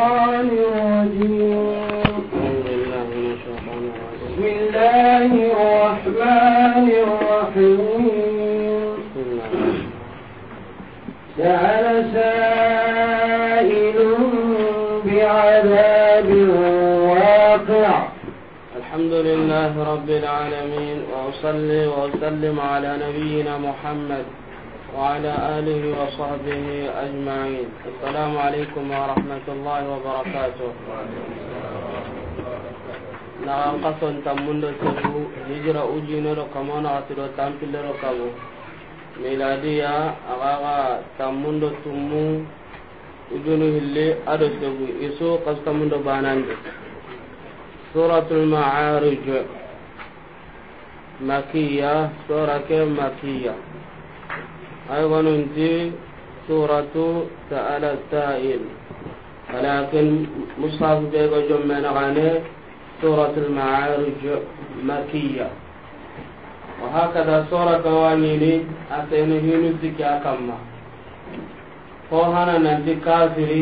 الشيطان الرجيم بسم الله الرحمن الرحيم سأل سائل بعذاب واقع الحمد لله رب العالمين وأصلي وأسلم على نبينا محمد وعلى آله وصحبه أجمعين السلام عليكم ورحمة الله وبركاته نعم قصن تمند سبو هجرة أجينا لكم ونعطل وتنفل لكم ميلادية أغاغا تمند تمو أجنه اللي أرسل إسو قصد بانان سورة المعارج مكية سورة كم مكية Ayi kunniin suuraa suur ta'a lafa taa'e badaa keenya Musaaf beeku Jummai naqaniin suuraa silmaasee marii yaadu. O haa kati yaa soorata waan jiru, aseensi hin sikki haakamu. Koo haana natti kaasuu fi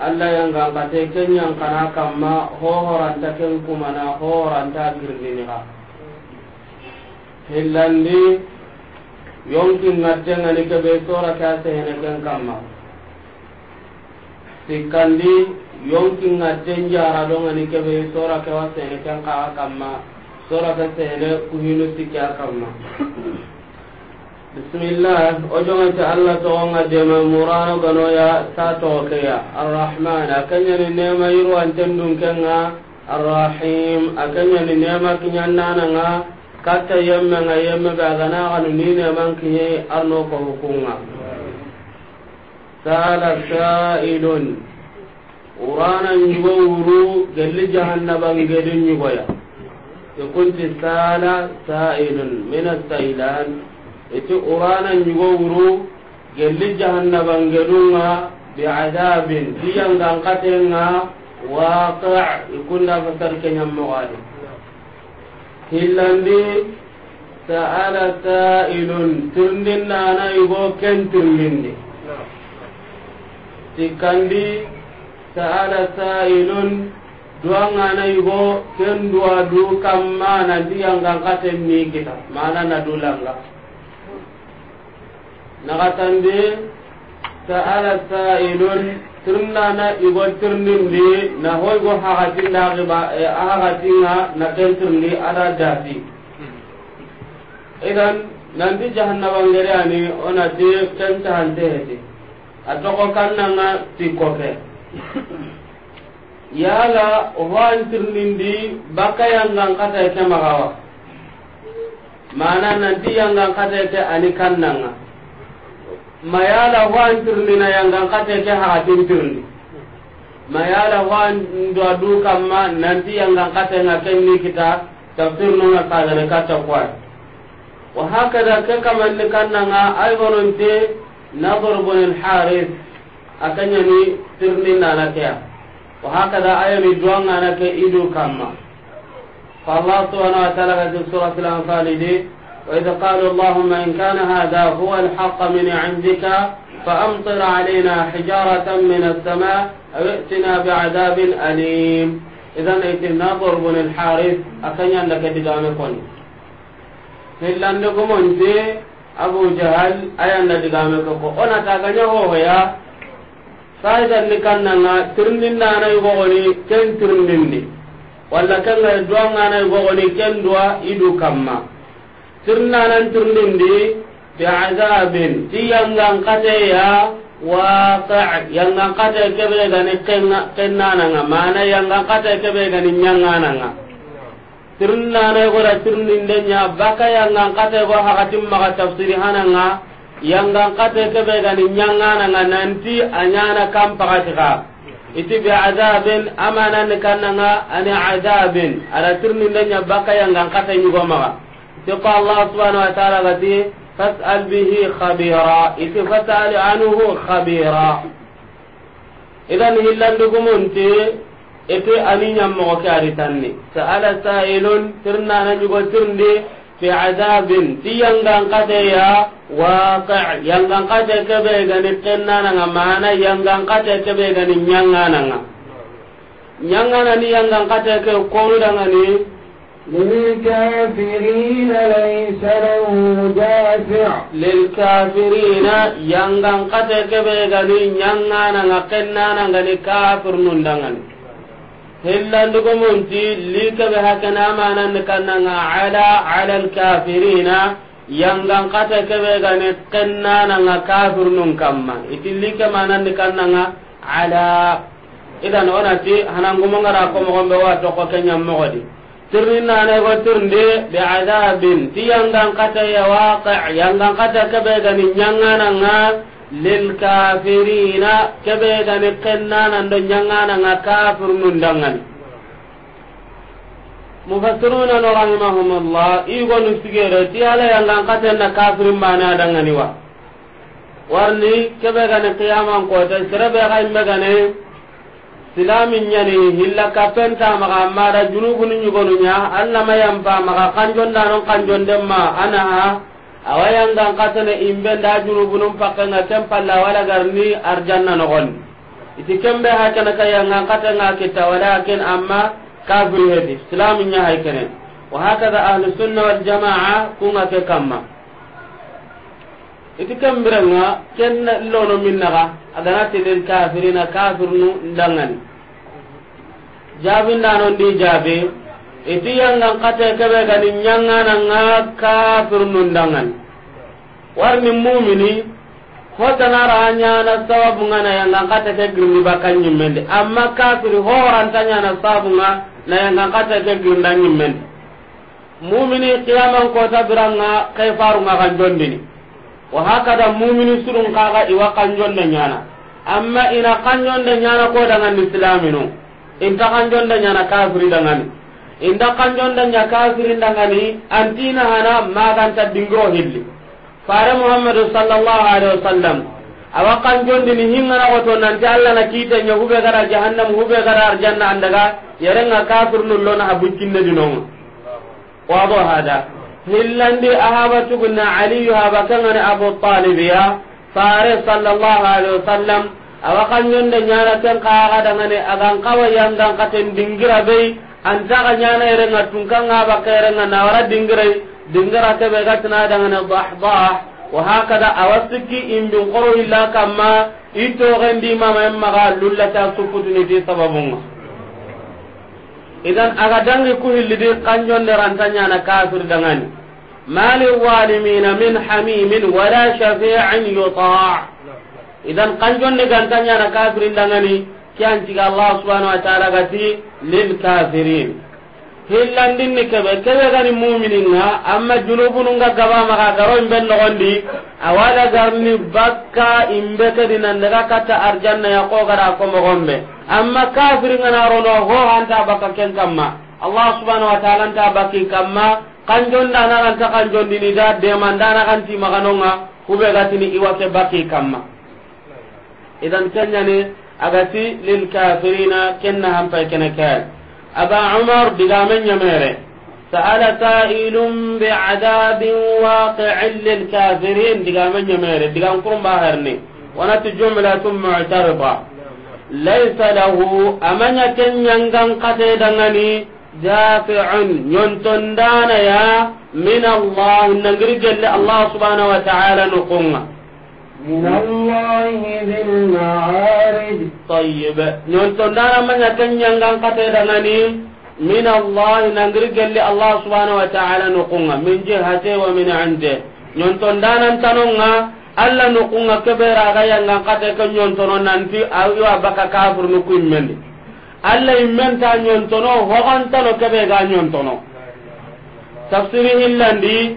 haala yaggaan akka ta'e kennan yonkin ngattengani keɓe sorata sehene ken kamma sikkandi yonkin ngatten jaraɗongani keɓe sora kewa sehene ken kaa kamma sorata sehene kuhinu sikka kamma bismillah o jogante allah togonga dema murano ganoya sa togokeya arrahman a keñani nema yirwanten dun kenga arrahim a keñani nema kiñannananga katta yemme nga yemme be agana ganu nine man kiye arno ko hukunga sala sa'idun urana nyugo wuru gelli jahannaba ngedi nyugoya ikunti sala sa'ilun min as-sailan iti urana nyugo wuru gelli jahannaba ngedunga bi adabin diyan gankatenga waqi' ikunda fasar kenyam mogadi hillandi sa'ala sa'ilun tundin nana yugo ken tundindi tikandi sa'ala sa'ilun duwangana yugo ken duwa du kamma nanti yangankaten ni kita mana na dulanga nakatandi sa'ala sa'ilun tirnana igo tirnindi na hoygo hagatindaxiba hagatinga na ken eh, tirndi ada dafi idan nanti jahannabangereani onati ken cahanteheti a togo kannanga tikkoke yala hoan tirnindi bakkayangan katayke magawa mana nanti yangan katayke ani kannanga mayala wan tirlina yangan kate ke ha tin tirni mayala wan do adu kamma nanti yangan kate na kenni kita tafsir no na tagana kata kwa wa hakada ke kaman ni ai ay na nadr bin al haris akanya ni tirni na kya wa hakada ni duanga na ke idu kamma fa allah subhanahu wa ta'ala ga al anfal ni وإذا قالوا اللهم إن كان هذا هو الحق من عندك فأمطر علينا حجارة من السماء أو ائتنا بعذاب أليم إذا ائتنا ضرب الحارث أكن لك دقامكن إلا أنكم أنت أبو جهل أين دقامكن أنا تاكن هو يا فإذا ni kannanga tirnin يبغوني كن yugoni ولا tirnin ni walla kan ga duwa na tirnanan turlindi bi'azabin ti yangan kateya waqi' yangan kate kebe gani kennananga mana yangan kate kebe gani nyangananga tirnanay goda tirninde nya baka yangan kate go hakatim maka tafsiri hananga yangan kate kebe gani nyangananga nanti anyana kampakatika iti bi'azabin amanani kannanga ani azabin ada tirninde nya baka yangan kate nyugomaka تقى الله سبحانه وتعالى غتي فاسأل به خبيرا إذ فاسأل عنه خبيرا إذا هلان دقمونتي ete ani ñammoxoke ari tanni sa'ala sa'ilun tirnana ñugo tirndi fi adabin ti yangankateya waqi' yangankate keɓe gani kennananga mana yangankate keɓe gani ñangananga ñanganani yangankate ke konudangani للكافرين ليس له دافع للكافرين ينغن قتك بيغني ينغن نقنان غني كافر نندغن hillandugumunti likabe hakana manan kannanga ala ala alkafirina yangan kata kebe gane kannananga kafir nun kamma iti like manan kannanga ala idan onati hanangumo ngara ko mogonbe wa tirni nane go tirnde be adabin ti yangan kata ya waqi yangan kata kebe gani nyangana nga lil kafirina kebe gani kennana ndo nyangana nga kafir nundangani mufassiruna no rahimahumullah igo nu sigere ti ala yangan kata na kafir mana dangani wa warni kebe gani qiyaman ko ta sirabe ga imbe gani silamin ñani hilla kappenta maga mara junubunu ñugonuña allama yampa maga kanjondanon kanjondenma anaha awayangan katene imbe nda junubunun pakkenga ken palla walagarni arjanna nogoni iti kembe hakene kayangan katenga kitta walakin amma kafiri hedi silamin ñahay kene wahakada ahlusunna jama'a kunga ke kamma iti kembirenga ken lono minnaga agana teden kafirina kafirnu ndangani jabindanondi jabe iti yangan kate kebe gani nyangananga kafirnu ndangani warni mumini hotanaraha ñana sababunga na yangan kate ke girni bakka ñimmendi amma kafiri horanta ñana sababunga na yangan kate ke girnda ñimmendi mumini kiyaman kota biranga kayfarunga kan jondini wa hakada mu'minu surun kaga iwa kanjon da nyana amma ina kanjon da nyana ko daga islaminu inta kanjon da nyana kafiri daga ni inda kanjon da nyaka kafiri daga ni antina hana maganta dingro hilli fare muhammad sallallahu alaihi wasallam awa kanjon dini hingana goto nanti alla na kita nya hube gara jahannam hube gara arjanna andaga yarenga kafir nullo na habuccinne hillandi ahaba tugunna aliyu haba kangani abu talibiya fare sallallahu alaihi wasallam awa kanyonde nyana ken kaga dangane agan kawa yangan katen dingira bei antaka nyana ere ngatunka ngaba kere nganawara dingira dingira kebe gatna dangane dahdah wa hakada awasiki bi qoro illa kama ito gendi mama emma ga lullata sukutuni ti sababunga idan aga dangi ku hillidi kanjonde ranta ñana kafir dangani maliwalimina min hamimin wala shafiin yutaa idan kanjonde ganta ñana kafirin dangani kianciga allah subhanau wa taala gati lilkafirin hillandinni keɓe keɓe gani muminiga amma junubununga gabamaga garo imbe nogondi awala garni bakka imbe kedi nandega katta arjanna yakoogara komogonɓe amma kafir ngana rono ho hanta baka ken kamma allah subhanahu wa ta'ala anta baki kamma kan jonda na kan ta kan jondi ni da de mandana kan ti maganonga kube gatini iwake baki kamma idan kenya ni agati lil kafirina kenna hampa kena kan aba umar digamen nyamere سأل سائل بعذاب واقع للكافرين دقام نمير دقام قرم باهرني ونت جملة معترضة laysa lahu amanya ken nyangan kate dangani dafi'un nyonton dana ya min Allah nangri jalli Allah subhanahu wa ta'ala nukunga min Allah zil ma'arij tayyib nyonton dana amanya ken nyangan kate dangani min Allah nangri jalli Allah subhanahu wa ta'ala nukunga min jihate wa min ande nyonton dana antanunga alla no kebera ga yanga kata ko nyontono nanti ayo abaka kafur no ku immendi alla immenta nyontono hoganta no kebe ga nyontono tafsiri hillandi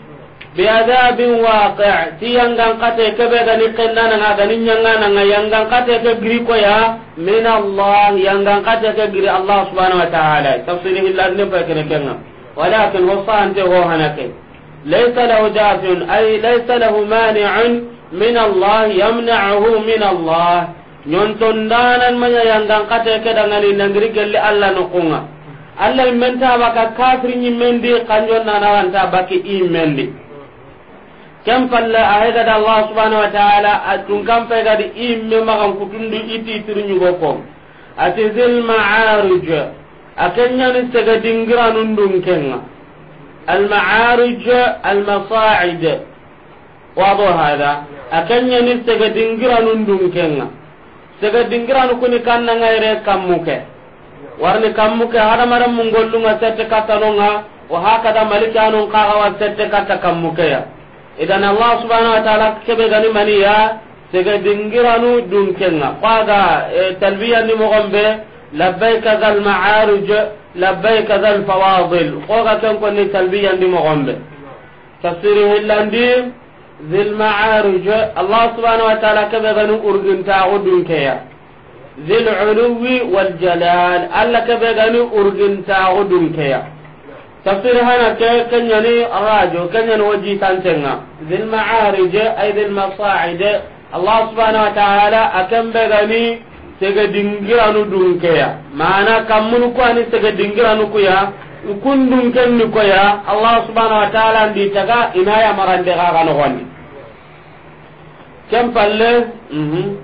bi adabin waqi' ti yanga kata kebe ga ni kennana ga ni nyanga na yanga kata ke giri ko ya min allah yanga kata ke giri allah subhanahu wa ta'ala tafsiri hillandi fa kenenga walakin husan te ho hanake laysa lahu dafi'un ay laysa lahu mani'un min allah yamna'uhu min allah nyonton danan manya yandan kate ke dangani nangiri gelli allah no kunga allah menta baka kafir nyi mendi kanjon nana wanta baki imendi kem palle ahega da allah subhanahu wa ta'ala atun kam pe ga imme magan kutundu iti tirnyu go atizil ma'aruj akenya ni tega dingranun al ma'aruj al masa'id wado hada akanya ni sega dingiranu ndunkenga sege dingiranu kuni kanna ngaire kamuke warni kamuke hada maram mungollunga sette katanonga wa hakada malikanu qaha wa sette katta kamuke ya idan allah subhanahu wa ta'ala kebe gani maniya sega dingiranu dunkenga qaga e, talbiya ni mogombe be zal ma'aruj labbaika zal fawadil qoga kan konni talbiya ni mogombe tafsiri hillandi zil ma'arij Allah subhanahu wa ta'ala ka be ganu urginta udun kaya zil uluwi wal jalal Allah ka be ganu urginta udun kaya tafsir hana ka kanyani rajo kanyani waji tantenga zil ma'arij ay zil Allah subhanahu wa ta'ala akam be ganu sega dingiranu dun kaya mana kamun ko ani sega dingiranu ku nkundun kenni koya allah subhanahu wa ta'ala ndi taga inaya marande ga ga nogonni kem palle mhm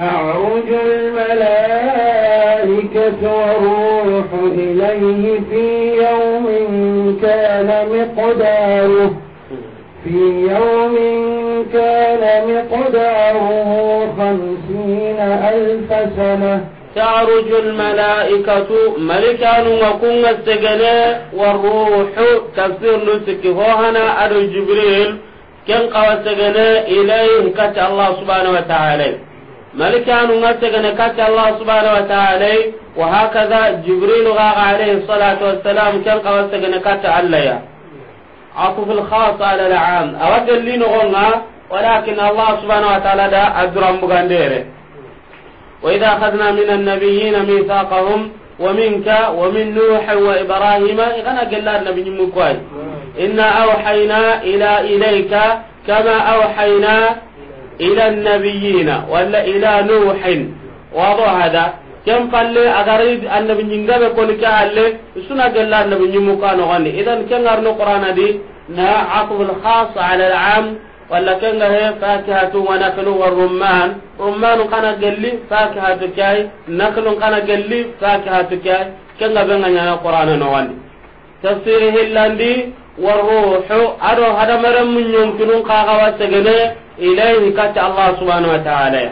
يعرج الملائكة والروح إليه في يوم كان مقداره في يوم كان مقداره خمسين ألف سنة تعرج الملائكة ملكا وكون السجنة والروح تفسير نسك هنا أدو جبريل كن قوى السجنة إليه كت الله سبحانه وتعالى ملكا وسجنة كت الله سبحانه وتعالى وهكذا جبريل غاغ عليه الصلاة والسلام كن قوى السجنة كت عليا عطف الخاص على العام أود اللي نغنى ولكن الله سبحانه وتعالى دا أدرم بغنديره وإذا أخذنا من النبيين ميثاقهم ومنك ومن نوح وإبراهيم إغنى قال النبي مكوي إنا أوحينا إلى إليك كما أوحينا إلى النبيين ولا إلى نوح واضح هذا كم قال لي أغريد النبي نجاب يقول لي سنة قال النبي نمكان غني إذا نرنو قرآن دي نا عطف الخاص على العام walla kenga he fakihatu wa nakhlu wa rumman rumman kana gelli fakihatu kai nakhlu kana gelli fakihatu kai kenga benga nyana qur'ana no wandi tafsir hillandi wa ruhu ado hada maram munyon kunun kaga wasegene ilayhi kata allah subhanahu wa ta'ala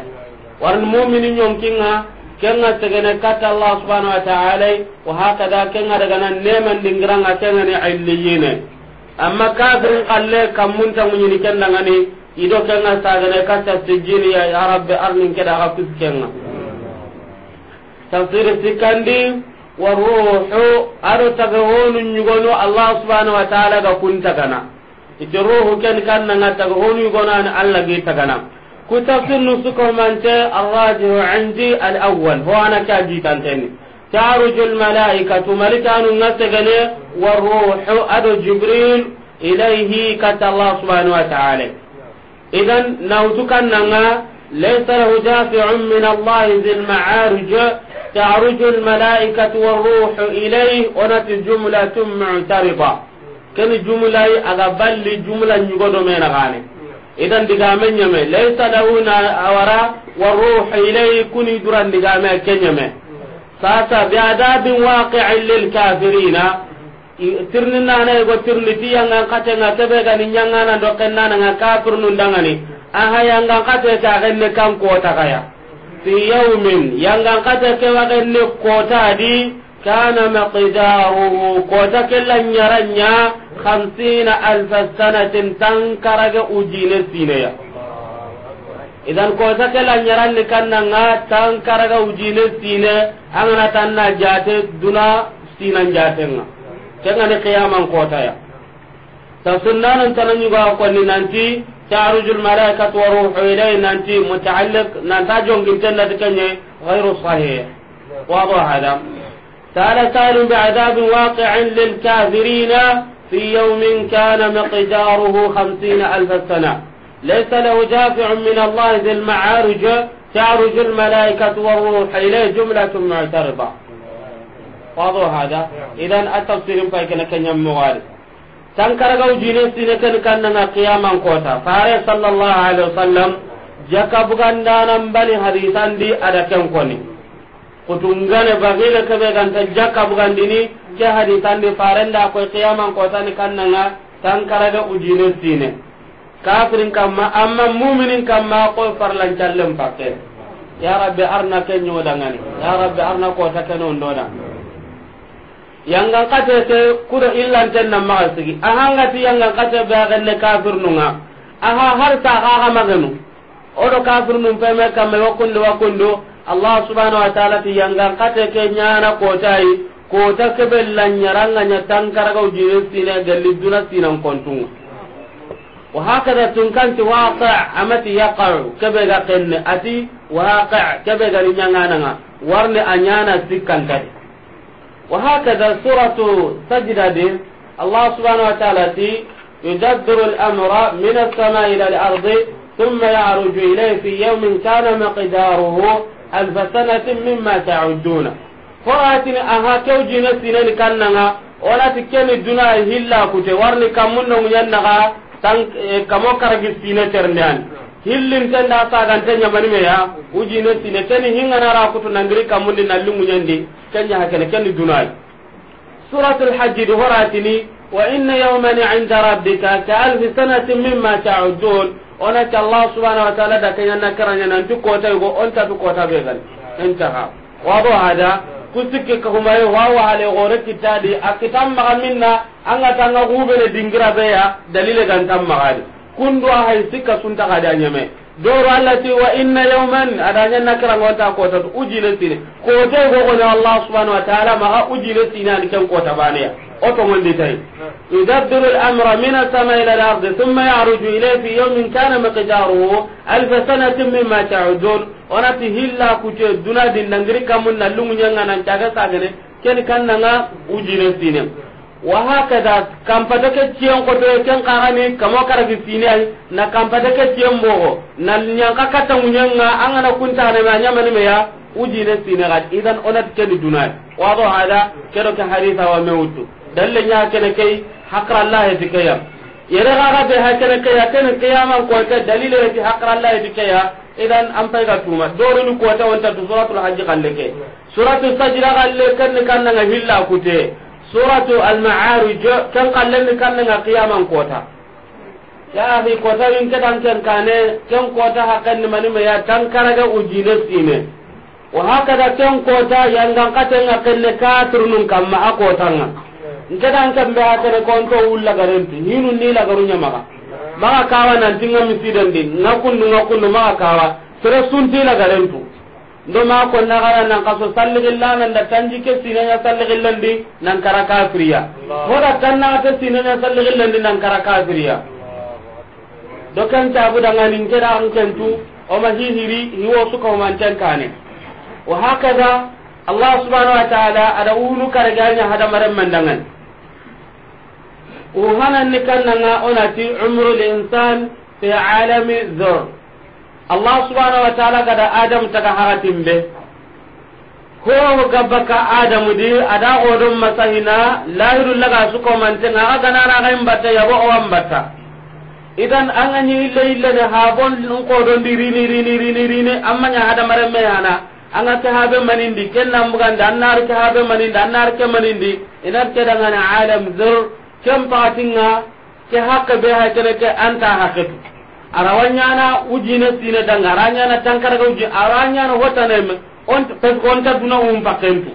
warn mu'minin yonkinga kenga segene kata allah subhanahu wa ta'ala wa hakada kenga daga nan neman dingiranga kenga ne illiyine amma kafirin kalle kammun ta munyini kendangani ido kenga sagane kasta sijini ya rabbi arnin keda aga fiskenga tafsir sikandi wa ruhu aro taga honu nyugono allah subhanahu wa ta'ala ga kuntagana ite ruhu ken na nga taga honu nyugono an allah gi tagana ku tafsir nusuko mante arrajihu indi al awwal ho ana ka jitanteni taruju al malaikatu malikanu ngasegane والروح أدو جبريل إليه كت الله سبحانه وتعالى إذا نوتك أننا ليس له دافع من الله ذي المعارج تعرج الملائكة والروح إليه ونت جملة معترضة كن جملة أقبل جملة نقول من غالي إذا digame يمي ليس له وراء والروح إليه كن يدرى duran يمي ke بأداب واقع للكافرين tirni nana go tirni ti ngan kate nga tebe ga ni nyanga na do kenna na nga kafir nun dangani aha ngan kate ta genne kan ko ta kaya fi yawmin yanga kate ke wa genne ko kota di kana maqdaruhu ko ta kella nyaranya 50 alf sanatin tankaraga ujine sine ya idan kota ke ta kella nyaranni kanna nga tankaraga ujine sine angana tanna jate duna sinan nga. kengani qiyaman kotaya tafsirnanan tananyuga konni nanti تعرج الملائكة وروح إليه ننتي متعلق ننتا جون جنة كنية غير صحيح واضح هذا سأل سائل بعذاب واقع للكافرين في يوم كان مقداره خمسين ألف سنة ليس له دافع من الله ذي المعارج تعرج الملائكة والروح إليه جملة معترضة wado hada idan a tafsirin fay kana kanyam muwari tan karagaw jine sine kan kannanga qiyaman kota fare sallallahu alaihi wasallam jaka bugandanan bali hadisandi kutungane bagile kebe ganta jaka bugandini ke farenda qiyaman tan karaga ujine sine kafirin kamma amma muminin kamma farlan pakke ya rabbi arna ya rabbi arna yangan katete kudo illanten nan maga sigi ahangati yangan kate beagenne kafir nunga aha har ta haga maganu odo kafir num wa kamme wa kundo allah subhanahu wa ta'ala ti yangan kate ke nyana kotai kota kebe lanyaranga nya tankaraga ujire sine galli duna sinan kontunga wa hakada tun kan kanti waqi' amati yaqa'u kebe ga kenne ati waqi' kebe ga nyangana warne anyana sikkan kadi وهكذا سورة سجدة الله سبحانه وتعالى يدبر الأمر من السماء إلى الأرض ثم يعرج إليه في يوم كان مقداره ألف سنة مما تعدون فرأتن أها كوجي نسينين كاننا ولا تكني دنا هلا كتورني كمنا ينغا كمو كرغي سينة ترنيان hillin ten da sagan ten nyamani me ya ti ne ten hinga na ra kutu nandiri kamundi na lingu nyandi ken nya hakene ken dunai suratul hajj di horatini wa inna yawman 'inda rabbika ka alf sanatin mimma ta'udun ona ta allah subhanahu wa ta'ala da kenya na karanya nan duk kota go on ta duk kota be ta ha wa do hada kusike ka kuma yo wa wa hale gore kitadi akitam ma minna anga tanga gubele dingira be ya dalile gantam magadi kundu a hay sikka sunta kada nyame doro allati wa inna yawman adanya nakra ngota ko to ujile tine ko te go go allah subhanahu wa ta'ala ma ujile tine an kan ko tabane o to mon detay yudabbiru al-amra min as-sama ila al-ard thumma ya'ruju ilayhi fi yawmin kana miqdaruhu alf sanatin mimma ta'udun onati hilla kuje dunadin nangri kamun nalungu nyanga nan taga sagene ken kannanga ujile tine wa hakada kampata ke ciyen ko do ken qarani kamo karabi finai na kampata ke ciyen bogo na nyanga kata munyanga angana kunta na ma nyama ne meya uji ne sinagat idan onat ke dunai wa do hada kero ke haditha wa meutu dalle nya ke ne kai hakra allah dikaya yere gaga be ha ke ya ken qiyama ko ke dalile ti hakra allah dikaya idan an pay ga tuma doro ni ko ta wonta suratul hajj kan leke suratul sajda kalle kan kan nga hilla kute suratu al-ma'arij kan kallan kan nan qiyaman kota ya fi kota in kadan kan kane kan kota hakan mani ma ya tan karaga ujine sine wa hakada kan kota yang kan katan akan ne katrunun kam ma akotanga nkadan kan be hakane kon to ulla garanti hinun ni la garunya maka maka kawa nan tinga misidan din ngakun ngakun maka kawa sere sunti la garantu ndo ma ko na gara nan kaso salligilla nan da tanji ke sinenya salligillandi nan kara kafiriya hoda tanna ta sinenya salligillandi nan kara kafiriya do kan ta bu da nganin kera an kentu o ma hihiri hiwo suka man tan kane wa hakaza allah subhanahu wa ta'ala ada unu karaganya hada maran mandangan uhanan ni kannanga onati umrul insan fi alami dhur allah subhanahu wa ta'ala gada adam taga haratin be ko gabbaka adamu di ada godon masahina lahiru laga su ko manten aga ganara ga imbata yabo o ambata idan an anyi ille ille ne habon nun ko don di rini rini rini rini amma nya hada mare me yana an ga ta habe manindi nan bugan da nar ta habe manindi nar ke manindi idan ke daga alam zur kem patinga ke hakka be ha ke anta hakka arawanyana ujine sine danga aranyana ga uji aranyana on ta duna um pakempu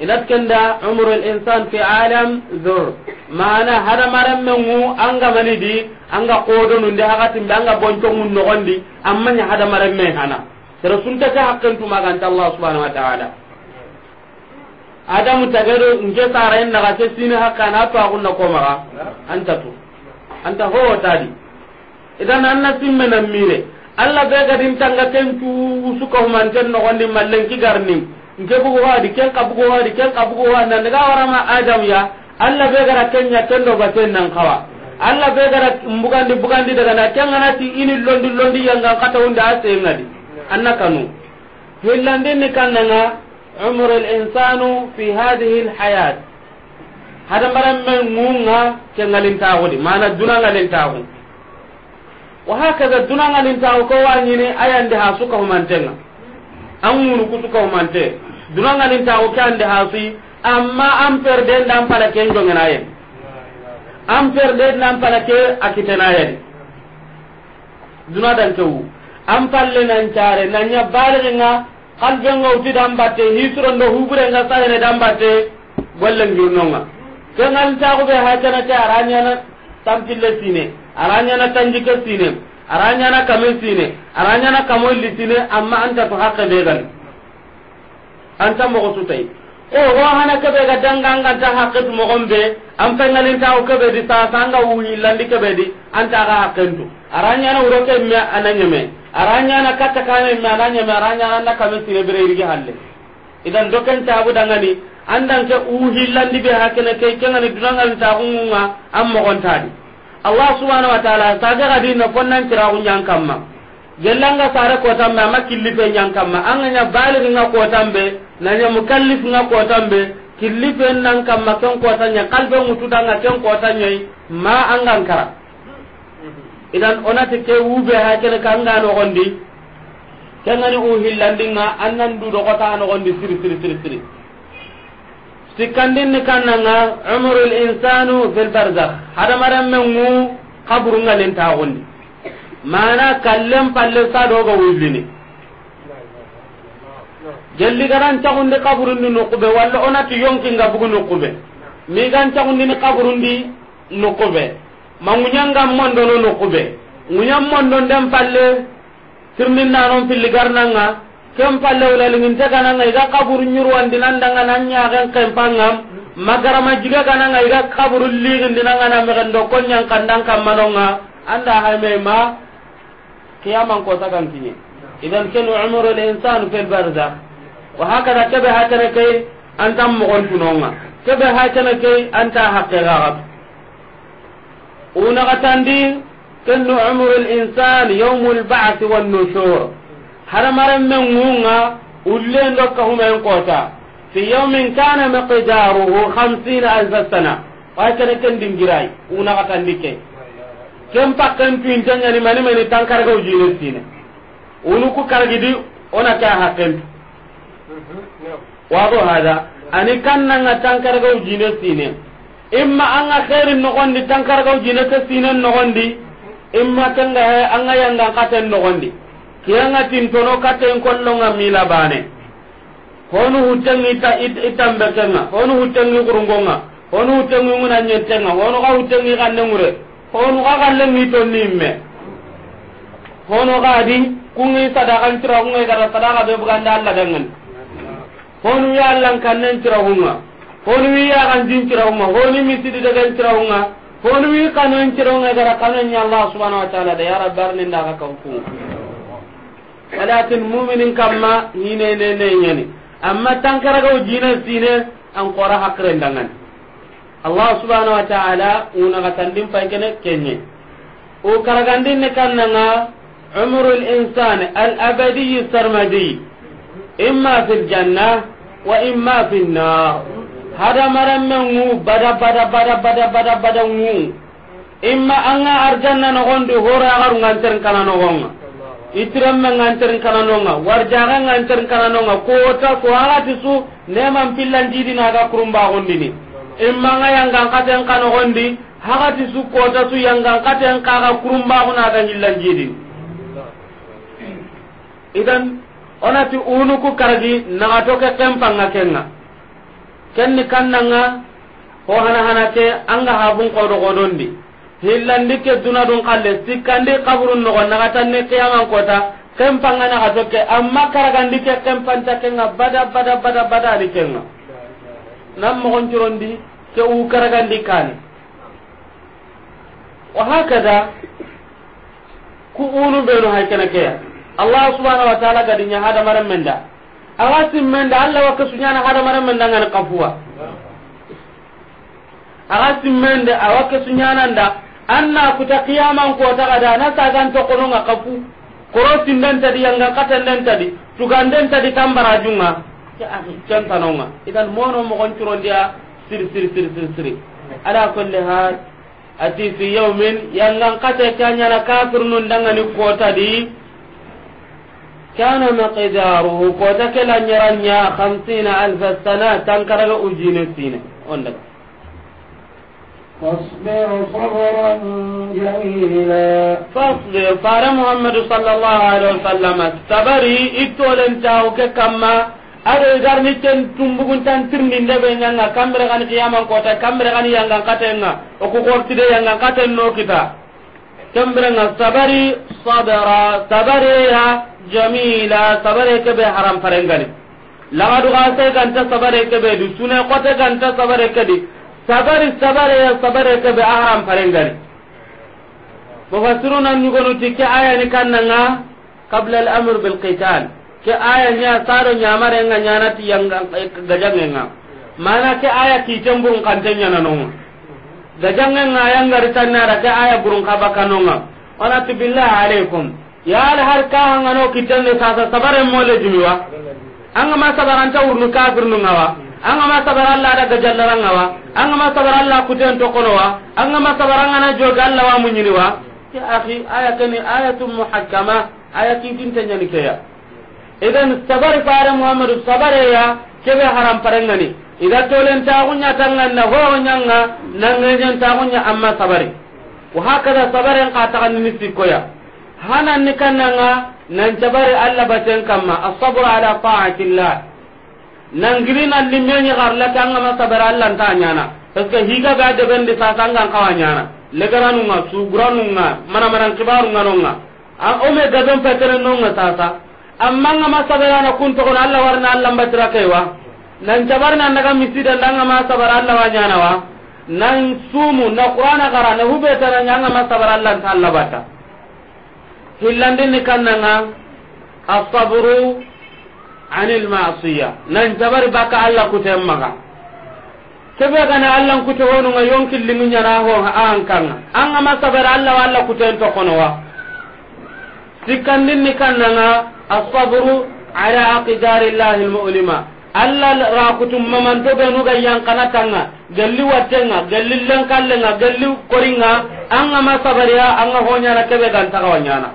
inat kenda umru insan fi alam zur mana hada marammengu angamanidi anga kodonunde hakatimbe anga di nogondi ammanya hada men hana sera suntata hakkentumaganta allah subhanahu wa taala adamu tagedo nke sarayen naga ke sine hakka na to agunna komaga antatu anta tadi idan anna timme nan mire alla be ga din tanga ken tu suka human tan no gondi mallen ki garni nke bugo wa di ken kabugo wa di ken nan daga warama adam ya alla be ga ken nya tan do baten nan kawa alla be ga mbugandi bugandi daga na ken anati ini londi londi yanga kata unda ase ngadi anna kanu hillande ni kannanga umru al insanu fi hadhihi al hayat men mana wa hakaza dunanga lin taw ko wani ne ayande ha suka humantenga su kusuka mante dunanga lin taw ko ande hasi amma an perde ndam pala ken jongena yen an perde ndam pala ke akitena yen duna dan tawu am palle nan tare nan nya barrenga kalbenga uti dambate hisrondo huburenga sarene dambate gollen jurnonga kengal taxuɓe ha canate arañana tampille sine aranyana tanjike sine aranyana kamen sine aranyana kamoyli sine amma anta to hakke ɓegani anta mogo sutay e, o ho hana keɓe ga danganganta hakketu mogon ɓe an pengalintawo keɓedi sasa anga wuyillandi keɓedi antaga hakkentu aranyana wuroke me ananyeme aranyana katta kame me ananyeme aranyana anda kamen sine bere irigi halle idan dokan doken tabu dangani andan ke uhillandi ɓe hakkene ke kengani dunangalintagungunga an mogontadi allah subhanau wa taala sage hadinna fonnan ciragu ñankamma gellanga sare kotanɓe ama killife ñankamma angaña baliginga kotanɓe naña mukallifnga kotanɓe killifen nan kamma ken kotaña kalfe ngutudanga ken kotañoy ma angankara idan onati ke wuɓe ha kene kanga nogondi kengani uhillandinga annan duɗoxota nogondi siri siri siri siri ni sikkandinni kannanga umru linsanu fi lbarzakh hadamarenmengu kaburungalentagundi mana kallen palle sadoga wullini gelligarancagundi kaburundi nukube walla onati nga bugu nukube migancagundini kaburundi nukube ma ŋuñangammondono nukube ŋuñammondonden palle tirninnanon pilli garnanga kem palle wulalinginte kananga iga kaburu danga nan ñaken kempangam magarama jiga kananga iga kaburu liigindinanga na mexen do kon ñankandan kammanonga anda hayme ma kiyaman kosakantiñe idan ken umru linsanu fi lbarzakh wa hakada keɓe hatene key antan mogontunonga keɓe hatene key anta haqqegaxab unaxatandi ken umru linsan yaumu lbath wannushur haramaren men munga ullen do ka humen kota fi yawmin kana miqdaruhu 50 alf sana wa kana ken dingirai una kata ndike kem pakkan tuin tanya ni mani mani tankar ga ujine sine unu ku kargidi ona ka hakken wa do hada ani kan kanna nga tankar ga ujine sine imma anga khairin nogondi tankar ga ujine sine nogondi imma kanga anga yanga katen nogondi kenga tin tono katen kollonga mila bane honu hutengi ta itambe kenga honu hutengi kurungonga honu hutengi nguna nyetenga honu ka hutengi kanne ngure honu ka kalle mi tonni imme honu ka di kungi sadakan tira kungi kada sadaka be buganda alla dangan honu ya allan kannen tira kunga honu ya kan din tira kunga honu misidi dagan tira kunga honu wi kanon tira kunga kada kanon ya allah subhanahu wa ta'ala da ya rabbarni ndaka kan kunga walakin muminin kamma hine ne ne nyani amma tankaraga ujina sine an qora hakre ndangan allah subhanahu wa ta'ala una gatandin pankene kenye o karagandin ne kannanga umru al insan al abadi sarmadi imma fil janna wa imma fil hada maran mengu bada bada bada bada bada bada ngu imma anga arjanna no gondi hora garu nganter kana itiremme nganterin kananonga warjaga nganterin kananonga kota ko agati su neman pillantiidinaga kurumbaxundini immanga yangankaten kanogondi hagati su kota su yangankaten kaga kurumbaxunaga hillanjiidi idan onati unuku karagi to ke kempanga kenga kenni kannanga ho hana hana ke anga habun kodogodondi hillandi ke duna dun kalle sikkandi kaburun nogo nagatanni kiyaman kota kempangana ga tokke amma karagandi ke kempanta kenga bada bada bada bada ni kenga nam mogon di ke u karagandi kan wa hakada ku unu no haykena ke allah subhanahu wa ta'ala gadinya hada maran menda awasi menda allah wa kasunyana hada maran menda ngani kafuwa awasi menda awake sunyana nda anna kuta qiyaman kota kada na sagan to kono nga kafu korosin den tadi yanga katan den tadi tuganden tadi tambara junga ke ahi canta nonga idan mono mo gon turon dia sir sir sir sir sir ala kulli hal ati fi yawmin yanga kata kanya na kafir nun danga ni kota di kana maqdaruhu kota kala nyaranya 50000 sana tankaraga ujine sine onda فاصبر صبرا جميلا فاصبر فار محمد صلى الله عليه وسلم صبري اتولن تاو كما ado garni ten tumbugun tan tirni ndebe nyanga kamre kamre yanga katenga yanga katen no kita kamre nga sabari sabara sabari ya jamila ke be haram parengani lagadu ka kan ta ke be du kan ta ke di sabari sabari ya sabari ke be aram parengari mufassiruna nyugonu ti ke aya ni kannanga qabla al amr bil qital ke aya nya saro nyamare nga nyana ti yang gajange nga mana ke aya ki tembur kan tanya nanonga gajange nga yang gari tanara ke aya burung kabakanonga ona tu billah alaikum ya al har ka ngano kitande sasa sabare mole jimiwa anga ma sabaranta urnu kafir nu ngawa anga ma sabar Allah daga jallaranga wa anga ma sabar Allah kuten to kono wa anga ma sabar sabaranga na joga Allah wa munyini wa ya akhi aya kani ayatun muhakkama aya kitin tanya ni kaya idan sabar fare muhammadu sabare ya kebe haram parengani idan tolen ta kunya tangan na ho nyanga nangen ta kunya amma sabari wa hakada sabaren ka ta ni sikoya hanan ni kananga nan jabari Allah baten kamma as-sabr ala ta'atillah nangiri nalli me ñagarla ke angama sabara allanta a ñana parce que higa be a deɓendi sasa angan kawa ñana legeranunga suguranunga manamanan kibarunga nonga a ome gaben peterenonga sasa amma ngama sabarana kun togono allah warna allahnbatira kewa nan cabarna ndaga misida ndangama sabara allah wa ñana wa nan sumu na qur'ana gara na hubetana ñangama sabara allanta allah batta hillandinni kannanga asabru anil ma'siya nan jabar baka Allah kuteen maga kebe gana Allah kute wonu nga yonki lingu nyana ho an kanga an ma sabare Allah walla kutem to kono wa sikandin ni kannanga as-sabru ala aqdari Allah al-mu'lima Allah ra kutum maman to benu ga gelli kana tanga galli watenga galli lenkallenga galli koringa an ma sabar ya an ho nyana kebe gan tagawanyana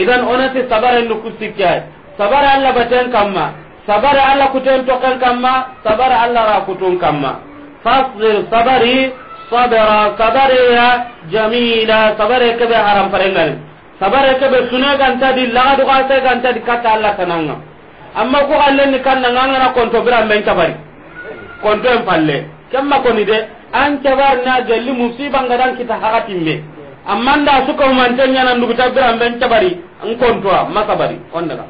idan onati sabarendu kusikkay sabara alla baten kamma sabara alla kuten token kamma sabara alla ra kutun kamma fasbir sabari sabara sabariya jamila sabare kebe haram parengani sabare kebe sune ganta di lagadu kase ganta di kata alla kananga amma ko alle ni kanna ngana konto bira men tabari konto en palle kemma koni de an cabar na gelli musiba ngadan kita hakatimbe amma nda suka humantenya nan duguta bira men tabari an kontoa masabari on daga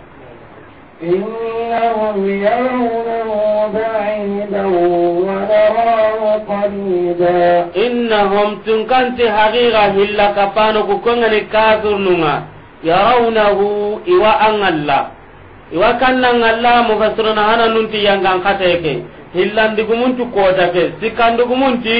إنهم يرونه بعيدا ونراه قريبا إنهم تنكنت حقيقة هلا كفانك كنغني كافر نما يرونه إوا أن الله إوا كان الله مفسرنا هنا ننتي ينغان خاتيكي hillandigumunti kootake sikandigumunti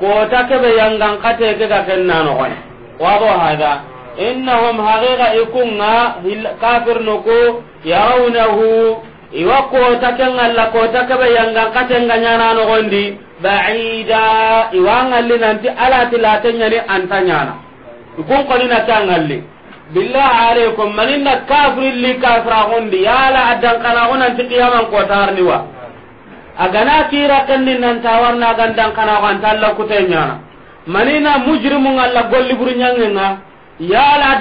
kootake ɓe yangan kateke ga ken nanoxone waabo hada innahum haqiqa ikunga kafir noko yarawnahu iwa kota kengalla kota kebe yanga katenga nyana nogondi ba'ida iwa ngalli nanti alati latenyani anta nyana ikun konina tangalli billah alaikum maninna kafir li kafra gondi yala adan kana gonanti qiyaman kotarni wa agana kira kanni nan tawarna gandan kana gonta Allah kutenyana manina mujrimun Allah golli buru nyangenga yala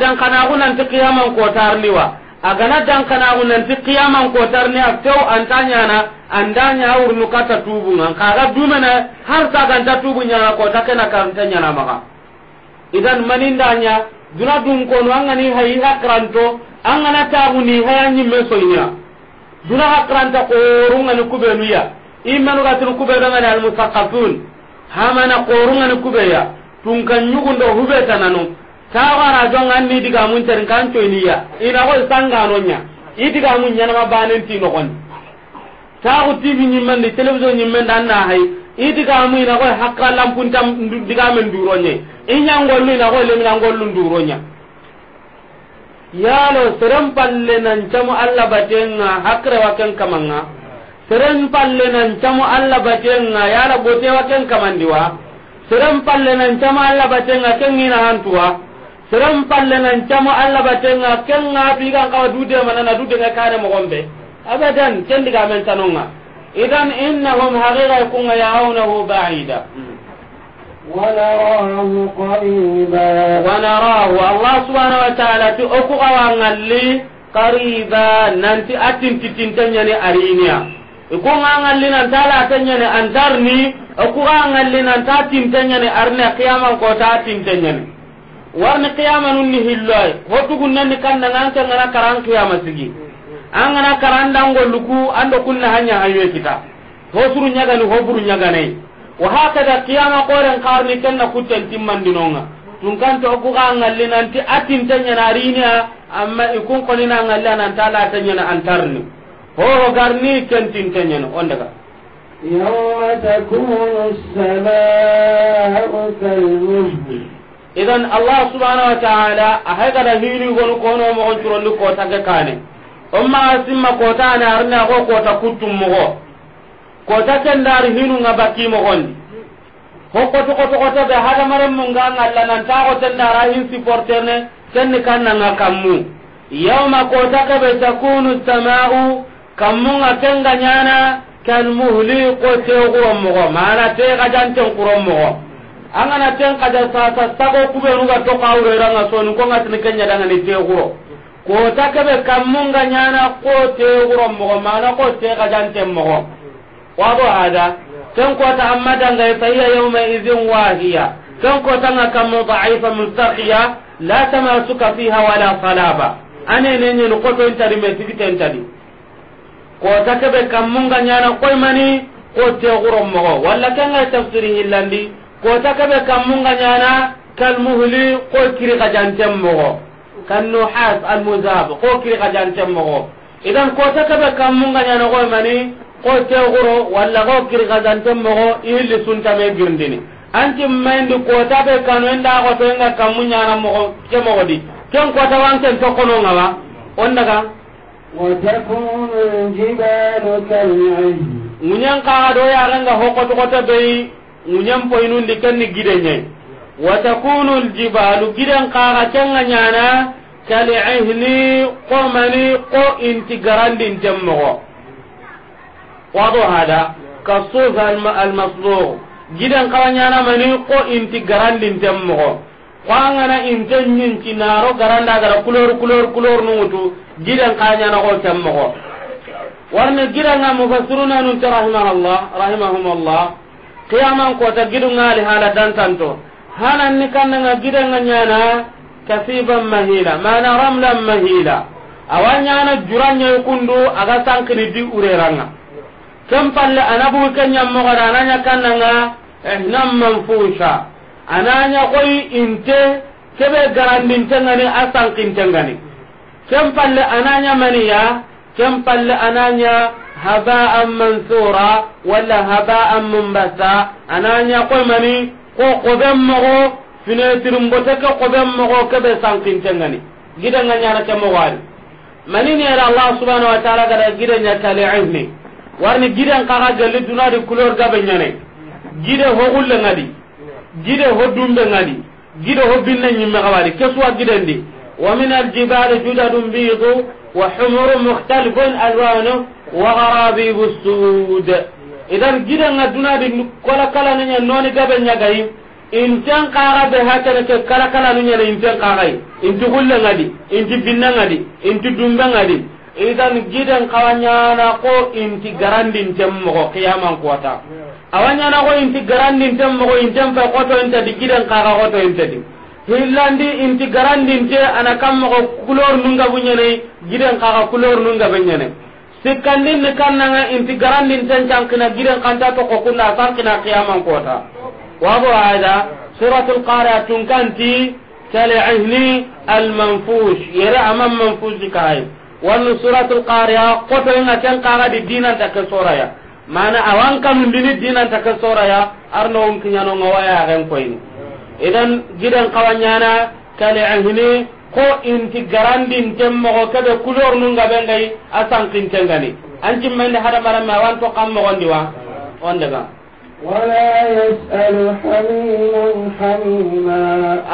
hunan ti qiyaman ko wa agana dankanaku nanti qiyaman kotarni aftew anta ñana anda ñawurnu kata tubunga kaga dumene har ta tubu ñana kota kena karnta na maka idan manindaña duna dun kono angani hayi hakranto angana taxuni haya ñimme soynia duna hakranta korungani kubenuya immenugatin kubenongani almusakafun hamana korungani kubeya tunkan ñugundo hubetananu tawara jonga ni diga mun terin kan to niya ina ko sangano nya i diga mun nyana ma banen ti no kon taxu tv ñimmendi télévision ñimmendi an na hay i digamu ina koy hakka lampuntam digamen nduroñe i ñangollu na koy lemina ngollu nduroña yalo seren palle nancamu allah batenga hakrewa ken kamanga seren palle nancamu allah batenga yala botewa ken kamandiwa seren palle nancamu allah batenga na ina hantuwa serem pallengan camo allah batenga kenga bigan kawa dudemanana dudenga kane mogonɓe abadan kendigamen tanonga idan innahum haqiqa ya yarawnahu baida ونراه قريبا ونراه الله سبحانه وتعالى تؤكوا وانغلي قريبا ننتي أتن تتنتنيني أرينيا يكون angalli nan ta latanya ne antarni ku angalli nan ta tintanya ne arna qiyamang ko ta tintanya ni warni qiyama nun ni hilloy hotugunna ni kanna nan ke ngana karan qiyama sigi an ngana karan dango luku ando kunna hanya hayo kita ho suru nyaga ni ho buru nyaga nei wa hakada qiyama qoren qarni kenna kutten timmandinonga tun kan to ku ga ngalle nanti atin tanya narinya amma ikun qolina ngalle nan tala tanya na antarni ho ho garni kentin tanya on daga يوم تكون السماء كالمهل idan allah subhanahu wa taala a haygata hinigonu kono mogon curolli kotake kane onma a simma kota ane arne ako kota kuttum mogo kota kendaari hinunga bakkimogondi ho koto koto kote ɓe hadamaren munga ngalla nanta ko tendaara hin supporterne kenni kannanga kammu yauma kota keɓe takunu samau kammunga kenga ñana kan muhli ko tegurom mogo mana tega janten kurom mogo angana ten kaja sasa sago kubenu ga to kawre so ko ngatni kenya danga ni te guro ko ta kamunga nyana ko te guro mo mana ko te kaja ntem mo wa hada ten ko ta amma danga ta e hiya yawma idhin wahiya ten ko ta nga kamu da'ifa mustaqiya la tamasuka fiha wala salaba ane ne ne ko to intari me tikiten tadi ko ta kamunga nyana ko mani ko te guro mo walla kan ga tafsiri hillandi kota kebe kammunga nyana kalmuhli ko kiri kajantem mogo kannuhas almuzab ko kiri kajantem mogo idan kota kebe kammunga nyana koy mani ko teguro wala ko kiri kajantem mogo ihilli suntame girndini anti mendi kota be kanu enda ko to nga nyana mogo ke mogo di ken kota wanken to kono ngawa on daga وتكون الجبال كالعهن من ينقع دويا رنga هو قد قد بي ŋuñen poyinundi kenni gidenye watakunu ljibalu giden kaga kenga ñana kalihni komani ko inti garandinten mogo wado hada kasufa almaslur giden kawa ñanamani ko inti garandinten mogo kwangana inte ñinci naro garanda gara kulor kulor kulor nungutu giden ka ñanago ken mogo warne gidanga mufassiruna nunte rahimahallah rahimahumullah qiyaman kota gidungari hala dantanto nga kannanga nga nyana. kasiban mahila mana ramlan mahila awa ñana juranñayi kundu aga sankini di ureranga ken palle anabugi ke ñammogoda anaña kannanga ihnan eh, manfusha anaña koyi inte keɓe garandintengani a sankintengani ken palle anaña maniya ken palle anaña haba'an mansura wala haba haba'an munbasa ananya qomani ko qobem mogo finetirin bote ke qobem mogo ke be sankintengani gidanga nyana ke mowari manini era allah subhanahu wa ta'ala gada gidanya kale ilmi warni gidan kaga gelli dunadi kulor gabe nyane gide ho gulle ngadi gide ho dumbe ngadi gide ho binna nyimme kawari kesuwa gidendi wa min aljibali judadun biidu وحمر مختلف ألوانه وغرابيب السود إذا جدا ندنا بكل كلا نيا نوني قبل نجاي إن تان قارا بهاتنا كلا كلا نيا إن تان قاري إن تقول غادي إن تبين غادي إن تدوم غادي إذا جدا قوانيا نقو إن تجرندين تمغو قياما قوتا awanya na ko inti garandin tem mo inti fa ko to inta digidan kaga ko to inta di hillandi inti garandinte ana kammogo kulor nunga buñene giden kaga kulor nunga beñene sikkandin ni kannanga inti garandinten cankina giden kanta toko kunda sankina qiyaman kota wa bu hada suratul qaria tun kanti kalihni almanfush yere aman manfushi kahay wannu suratul qaria kotoinga ken kaga di dinanta ke soraya mana awan kanundini dinanta ke soraya arno unkiñanonga wayagen koyni idan gidan kawanyana kale ahini ko inti garandin temmogo keɓe couleur nunga ɓe ngay a sankintengani an cimmende haɗa ma awan to kam mogondi wa on daga ولا يسأل حميم حميما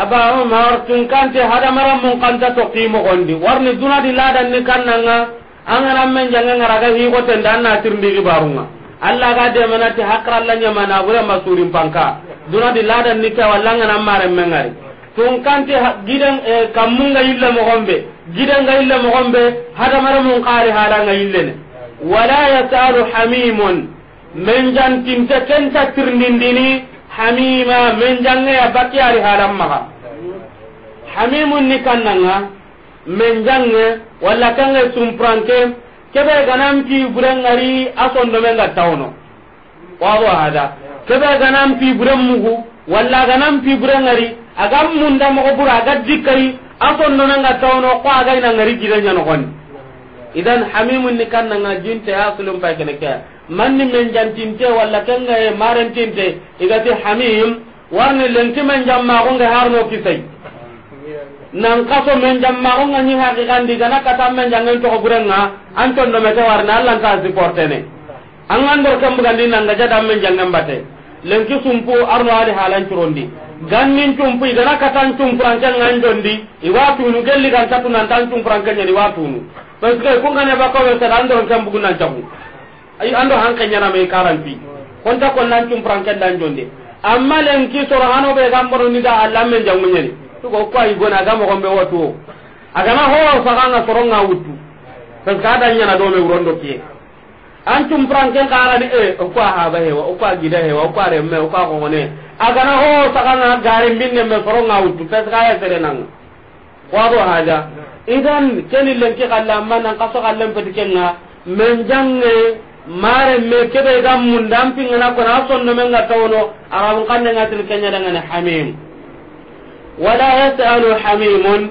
أبا عمر تنكنت هذا مرة من قنت تقيم غندي ورني دونا دي لا دن كننا أنا من جنن رجع هي قتن na ترندي بارونga Allah ga de mana hakra Allah nya mana bura masurin panka duna di ladan ni ka walla ngana mare mengari tun kanti gidan eh, kamunga illa mo gombe gidan ga illa mo gombe hada mara mun qari hada ga illa ne wala yasalu hamimun men jan tinta kenta tirnindini hamima men jan ya baki ari halam maha hamimun ni kannanga men jange walla kanga sumpranke kebe ganam ki burengari asondo men ga tawno wa hada kebe ganan piburen mugu walla ganan piburen ngari agam munda mogo bura aga dikkari ason dona nga tawno ko aga ina ngari jira nyano kon idan hamimun ni kan nga jinte asulum pa kene kya manni men jantinte walla kanga e marantinte igati hamim warni lenti men jamma ko nga harno kisai nan kaso men jamma ko nga ni haqiqan diga na kata men jangan to ko burenga anton do mete warna allah ta supportene angandor kambugan dinan ga jadam men jangan bate lenki sumpu arno ali halan curondi gannin cumpu igana katan cumpuranke ngan jondi iwa tunu gelli kan tatu nan tan cumpuranke nyani iwa tunu parce que kun kana bako we sada ando kan bugun nan tabu ay ando han kanya na me karampi konta kon nan cumpuranke dan jondi amma lenki soro hano be gamboro ni da allah men jamu nyani to ko ko ay gona ga mo gombe watu agana ho kan na soro nga wutu parce que ada nyana do me urondo kiye an tun franken kara ni e eh, o kwa haba hewa o kwa gida hewa o kwa remme o kwa kongone agana ho sakana gari minne me foronga utu pes kaya sere nang wado haja idan keni lenki kala manan kaso kala mpeti kenga menjange mare me kebe gam mundam pingana ko na sonno men ga tawno arabun kanne ngatin kenya dengan hamim wala yasalu hamimun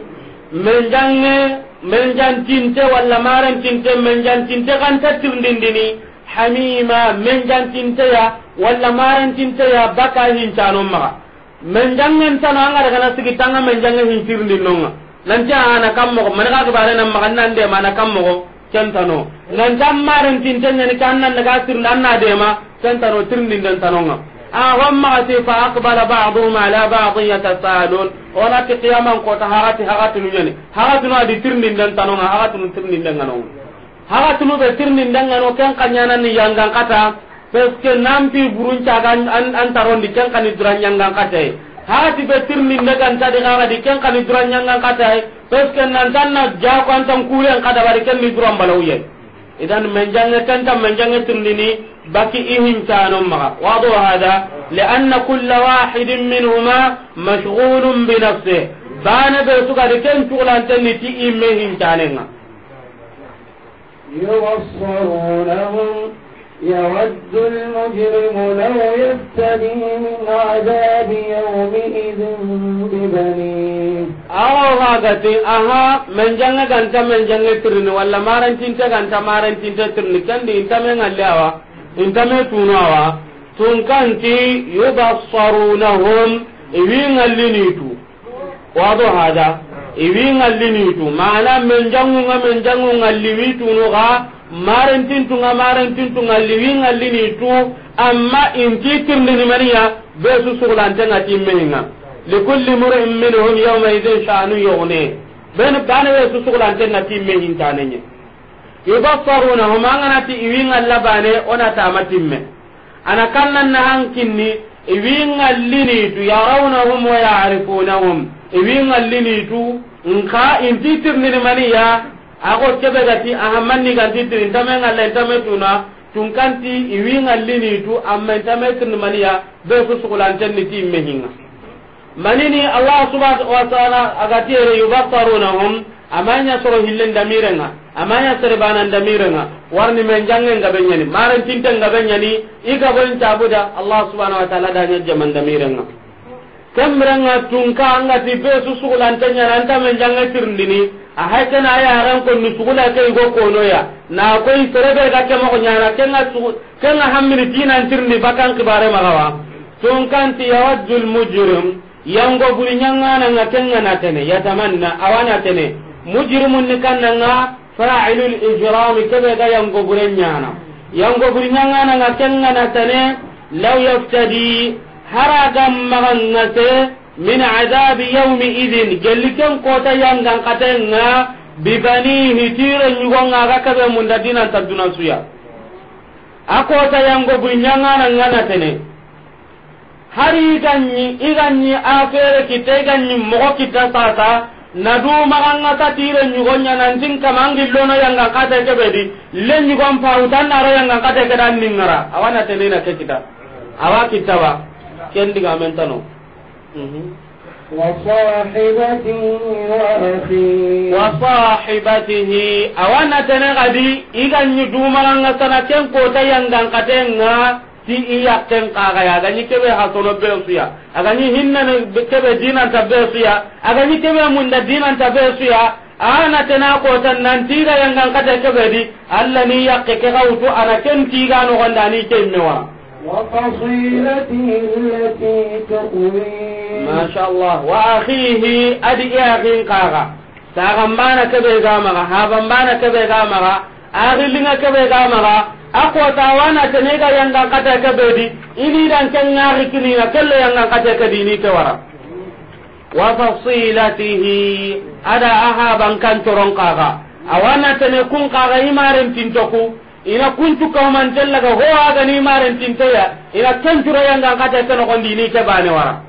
menjange menjantinte walla marantinte menjantinte ganta tirndindini hamima menjantinteya walla marantinteya baka hincanon maga menjangentano anga dagana sigitanga menjange hintirndinnonga nanti ana kammogo mani ka kibarenan maga nandema ana kammogo kentano nanti an marantintenyani ke an nan daga sirndi an na dema kentano tirndindentanonga agon magati fa aqbala ba'dhum ala ba'dhin yatasalun ona ti qiyaman ko ta harati harati nu nyane harati nu adi tirnin dan tanonga harati nu tirnin dan ngano harati nu be tirnin dan ngano kan kanyana ni yangang kata peske nampi burun cagan an antaron di kan kan duran yangang kata harati be tirnin dagan tadi ngara di kan kan duran yangang kata peske nan tan na ja ko antan kulen kada bari kan ni duran balauye idan menjange kan tan menjange tirnini baki ihin canon maga wado hada lianna kulla wahidin minhuma mashghulun bi nafsihi bana be suka de ken cugulantenni ti imme hincanenga يبصرونهم يود المجرم لو يفتدي من عذاب يومئذ ببنيه أو غاغتي أها من جنة غانتا من جنة ترني intame tunawa tun kanti yubassarunahum iwi ngallinitu wado hada iwi ngallinitu mana men jangunga men jangunga liwitunuga marentintunga marentintunga liwi ngallinitu amma inti tirndinimaniya be susuglantanga timmehinga likulli mur'in minhum yawma idhin sha'nu yughni ben bana be susuglantanga timmehintanenye yubasarunahum anganati iwingalla bane onata amatimme ana kannanna hankinni iwingallinitu yarawnahum wa lini tu nka intitirnini maniya ako kebe gati ahamanni gantitiri intamengalla intametuna tunkanti tu amma intametirni maniya be su kusugulantenni ti imme hinga manini allah subhanahu wa taala agatiyere hum. amanya soro hillen damirenga amanya serbanan damirenga warni men jangen ga benyani maran tinten ga benyani iga bon tabuda allah subhanahu wa taala da nya jaman damirenga kamrenga tungka anga ti be su sugulan tanya ranta men jangen tirndini a haikana ya ran ko ni sugula kai go kono ya na koi be ga kema ko nyana kenga sugu kenga hammini dinan tirndi bakan kibare magawa tunkan ti yawadul mujrim yango buri nyangana ngakenga natene yatamanna awana tene mujrimun ni nga fa'ilul ijrami kebe ga yango burenyana yango burenyana nga kenga na tane law yaftadi haragam maganga se min adabi yawmi idin geliken kota yangan katenga bibanihi tire nyugonga ga kebe munda dinan taduna suya akota yango burenyana nga na tane hari ganyi iganyi afere kite ganyi mogo kita sasa na nadu maganga ta tire nyugonya nanjin kamangi lono yanga kata ke bedi le nyugon pautan naro yanga kata ke dan ningara awana tenina ke kita awa kita ba kendi ga mentano mhm. wasahibatihi awana tene gadi igan nyu dumaganga sana ken kota yanga katenga ti iyakken kaga ya gani kebe hasono besuya agani hinnana kebe dinanta besuya agani kebe munda dinanta besuya ana tena kotan nan tiga yangan kata kebe di allah ni yakke ke gautu ana ken tiga no gonda ni kemmewa وفصيلته التي تؤويه ما شاء الله وأخيه أدي kin قاغا ساغن بانا كبه غامغا هابن بانا كبه غامغا axillinga keɓe ga maxa a kota wana tene ga yangan kata di ini dan ken ngaxi kinina kelle yangan kata di ini ke wara wa fasilatihi ada aha kan toron kaga awana tene kun kaga imaren tintoku ina kuntu kaumantellaga ho agani imaren tinteya ina kencuro yangan kata kenogondi ini ke bane wara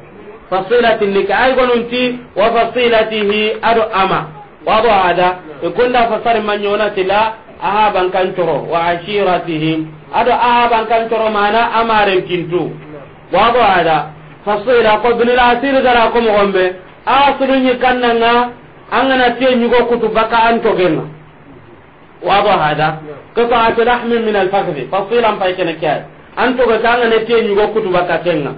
fasilati nika ay gonunti wa fasilatihi ado ama wado ada ikunda fasari manyonati la aha kan toro wa ashiratihim ado aha kan toro mana amaren kintu wa go ada fasila ko bin asir gara ko mo gombe asru nyi kannanga angana te nyi go kutu baka an to genna wa go ada ko ta atlahm min al fakhi fasila pa ikena kya an to ga angana te nyi go kutu baka kenna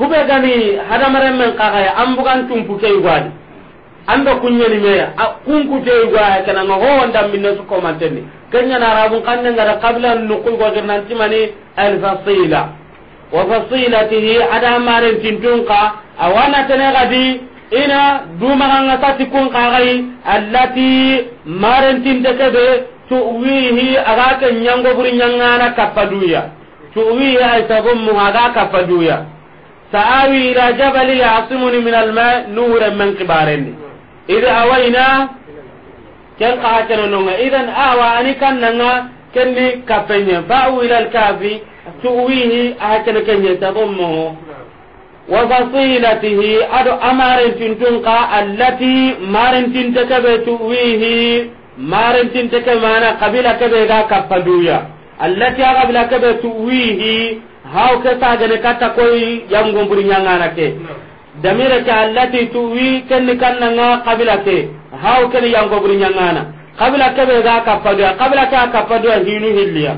kube gani hadamaren men kaga am bukan tumpu kay gwadi anda kunyani meya a kunku te gwa kana no ho wanda minna su ko manteni kanya na arabun kanne ngara qabla nuqul go girnan timani al fasila wa fasilatihi ada maren tintunqa awana tane gadi ina duma kanga tati kun gai allati maren tindeke be wihi aga ken nyango buri nyangana kapaduya tuwihi ay tagummu aga kapaduya sa'awi ila jabali yasimuni min ma nuhuran man qibarani idh awayna ken qahatano nonga idan awa ani kannanga kenni kappenya ba'u ila al-kahfi tuwihi ahakene kenya tadummuhu wa fasilatihi ado amarentintun ka allati marentinte kebe tuwihi marentinte kebe mana kabila kebe ga kappaduya allati a kabila kebe tuwihi haw ke sagene katta koy yangumburi ñangana ke no. damira ke allati tuwi kenni kannanga kabila ke haw keni yankoburi ñangana kabila keɓe ga kappadoya kabila ke a kappadoya hinu hilliya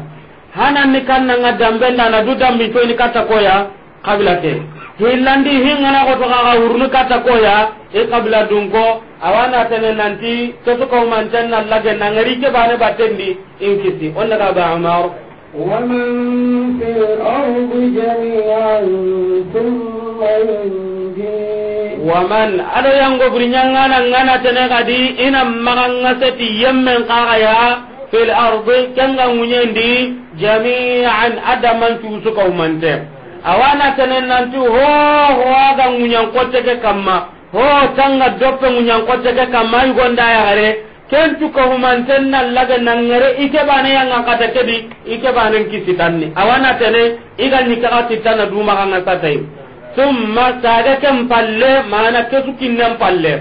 hananni kannanga dambendana du dambi ni kata koya kabila ke hillandi hingana kotoxaxa wurnu kata koya i e kabila dunko awanatene nanti kesukomanten nallage nangari keɓane battendi inkisi on naga ba amar ومن في الأرض جميعا ثم ينفع waman ado yango burinyangana ngana tene kadi ina maganga seti yemmen kagaya fil ardi kanga munyendi jami'an adaman tu suka umante awana tene nanti ho ho aga munyan koteke kama ho tanga doppe munyan koteke kamma yugonda ya gare ken tu ko humanten na laga nangere ike bane yang kata kedi ike bane kisitanni awana tene igal nikaka titana duma kanga satai thumma saga kan palle mana kesu kinnen palle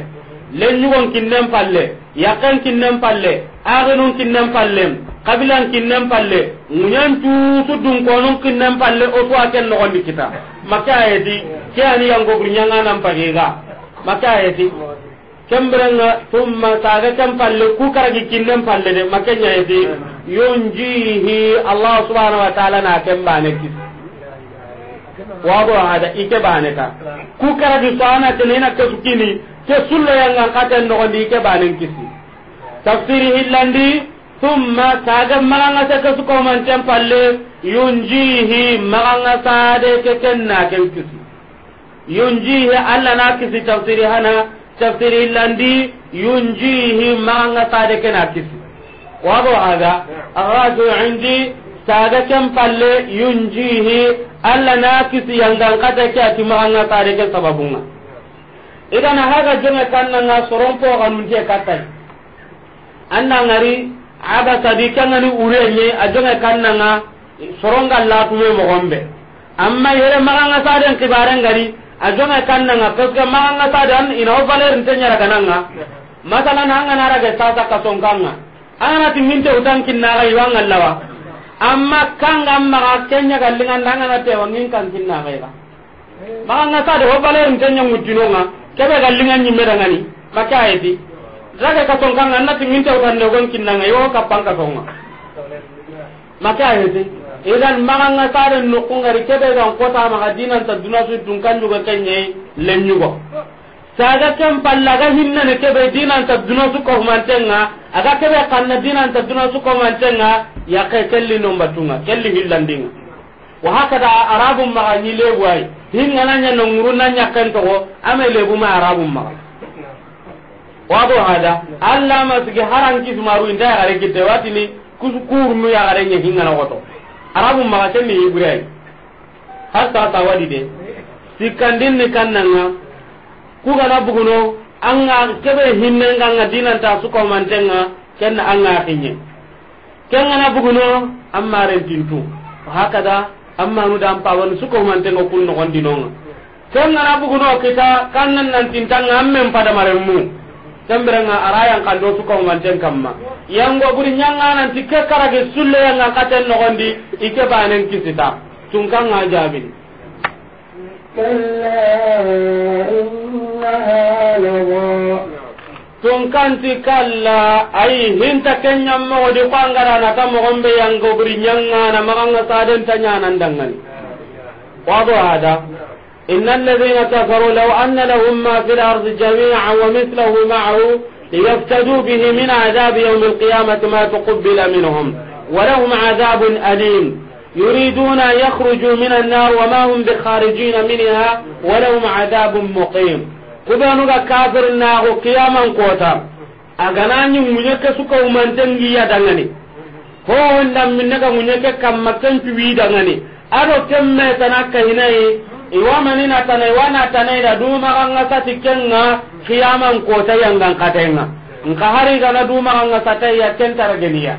lenyugon kinnen palle yakan kinnen palle agenun kinnen palle kabilan kinnen palle munyan tuutu dun konun kinnen palle o to aken no gondi kita maka ayati ke ani yango gurnyanga nan pagega maka ayati kemberenga thumma saga ken palle ku karagi kinnen palle de maka ayati yunjihi allah subhanahu wa ta'ala na kembane kisa wago ada ike bane ka ku kara di sana tenena ke sukini ke sulle yang ngakaten no ndi ike bane kisi tafsiri hillandi thumma saga malanga ta ke suko man tempalle yunjihi malanga Sade de ke kenna ke kisi yunjihi alla na kisi tafsiri hana tafsiri hillandi yunjihi malanga Sade de na kisi wago aga araju indi saga ken palle yunjihi alla na kisi yangan kata ke ati mahanga tare ke sababunga idan haga jeme kanna nga soron po kanun te katai anna ngari aba sadika ngani urenye ajome kanna nga soron galla tuwe mogombe amma yere maganga saden kibaren ngari ajome kanna nga kaska maganga saden ina ovaler ntenya ragananga masalan hanga naraga sasa kasongkanga anati minte utankin naga iwanga lawa amma kanga maga kenya gallinga ndanga na tewa ngin kan kinna mega maga nga sa de ho bale en tenya mutino nga kebe gallinga ni meda ngani baka ayeti zaga ka ton kanga na tin minta utan de gon kinna nga yo ka panga tonga maka ayeti idan maga nga sa de no kungari kebe gan kota maga dinan ta dunasu dun kan juga kenye lenyugo saga ken pallaga hinnane keɓe dinanta duna sukohumantenga aga keɓe kanna dinanta duna sukohumantenga yaqe kelli non batunga kelli hillandinga wa hakada arabum ma ni lewai hin ngana nya no nguruna nya kan to ame lebu ma arabum ma wado hada alla sigi haran maru inda gare kidde ni kuskuru mu ya gare nya hingana goto arabum ma ka ni ibrai hasta tawadi de sikandin ni kannanga kugana buguno anga kebe hinne nganga dinanta suko mantenga kenna anga hinne kengana buguno amma rentintu hakada amma nu dan pawan suko man tengo kun no gondinonga kengana buguno kita kannan nan tintanga ammen pada maremmu tambirenga arayan kando suko man ten kamma yango buri nyanga nan tikke karage sulle yanga katen no gondi ike banen kisita tungkang ngajabin كلا إنها لظى tunkanti kalla ayi hinta kenyam mo di kwangara na kamo gombe yang gobri nyanga na maganga saden tanya nan dangan wado hada innal ladhina kafaru law anna lahum ma fil ardi jami'an wa mithluhu ma'ahu liyaftadu bihi min adhab yawm al qiyamati ma tuqbila minhum wa lahum adhabun alim يريدون أن يخرجوا من النار وما هم بخارجين منها ولهم عذاب مقيم kubenuga kafirnago kiyaman kota aganañi muñeke suka umantengiya dangani hohon damminnega muñeke kamma ken cuwi dangani aɗo ken metana kahinayi iwamanina tana iwana tanayda dumaxanga sati kenga kiyaman kota yangan katenga nka hari gana dumaxanga sataya ken tarageniya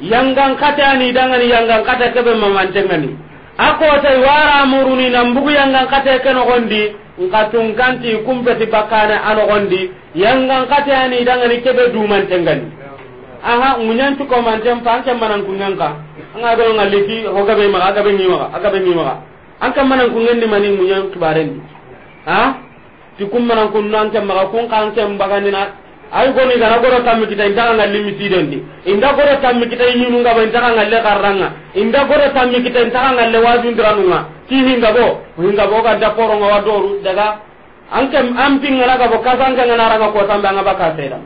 yangan kate ani dangani yangan kate keɓe mamantengani a kota iwaramuruni nambugu yangan kate ke nogondi nka tunkanti kumpeti bakkane anogondi yanga nkate ani dangani kebe dumantengani aha ŋuñancu komanten pa an kemmanankungenka anga dono ngalliki hogabe maga agabe ngimaga agabe ngimaga an kemmanankungendi mani ŋuñan kibarendi a ti kummanankunno an kemmaga kun ka an kembagandina ay goni gara goro tammi kita inta nga limiti dendi inda goro tammi kita ini nunga ba inta nga le karanga inda goro tammi kita inta nga le wajun dranunga ki hinga bo hinga bo kan da poro nga wadoru daga anke ampi ngara ga bo kasanga nga ga ko tamba nga baka seda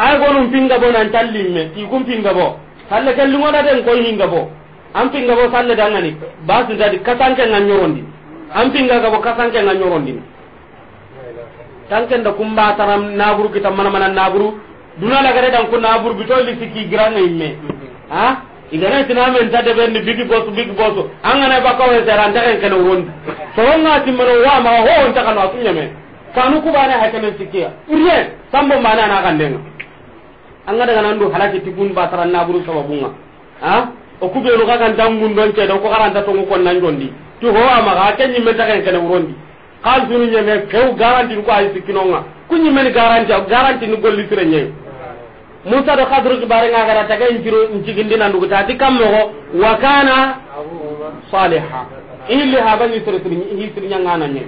ay gonu pinga bo nan tallimme ti kum pinga bo halle kelli ngona den ko hinga bo ampi nga bo salle ni basu dadi kasanke nga nyorondi ampi nga ga bo kasanke nga nyorondi tanken da kumba taram naburu kita mana mana naburu duna la gare dan kun naburu bito li sikki grana imme mhm. ha igana tina men ta de ben big boss big boss angana ba ko wese ran tan kan won so wonga timano wa ma ho on ta kan wa kunya me kanu ku bana ha kan sikkiya urye sambo mana na kan den anga daga nan do halaki tibun ba taran naburu sababunga ha o ku be ka kan tan mun don ce do ko karanta to ko nan jondi tu ho ma ka kenyi men ta kan kan di. kan sunu nyeme kew garanti ko ay ku ñi men garanti garanti ni golli sire nyeng musa do ci bare nga gara taga injiro injigindi nan dugu di kam ko wa kana saliha ha bani sire sire hi sire nga nan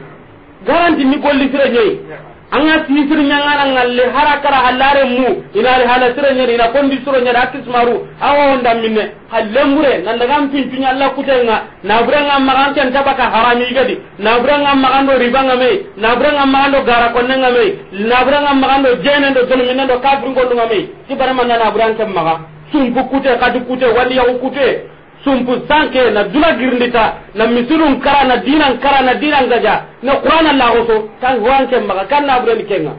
garanti ni golli sire ñe anga tisir nyangana ngalle harakara halare mu ina re hala sira nyeri ina kondi sura nyeri akis maru awa onda minne hallembure nanda gam pin pinya Allah nga na nga magan ken tabaka harami gadi na nga magan do riba nga me na nga magan do gara nga me na nga magan do jenen do zulminen do kafir gondunga me ti barman na nga maga sun ku kute kadu kute wali ya kute sumpu sanke na dula girndita na misirun kara na dinan kara na dinan gaja na qur'ana la goso tan huwan ken kan na buren kenga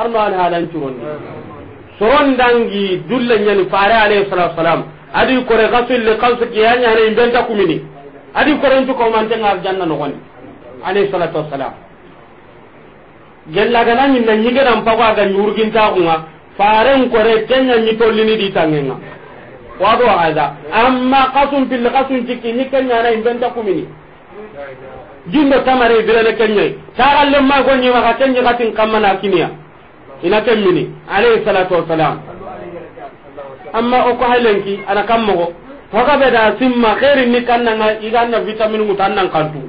arno an halan turon soron dangi dulle nyani fare alayhi salatu wassalam adi kore gasul li qalsiki yanya ne imbenta kumini adi kore ntu ko man tanga janna no goni alayhi salatu wassalam gella gana nyin na nyige dan pawa ga nyurgin ta kunga fare kore kenya nyitolini ditangenga a aza amma kasun fili kasun ciki ni kenya na imbenta kumini jindo tamare birene kenya tagalle ma gonni ma kenya gatin kamana kiniya ina kemmini alayhi salatu wassalam amma o ko halenki ana kammo ko hoga be da simma khairin ni kannanga iganna vitamin mutannan kantu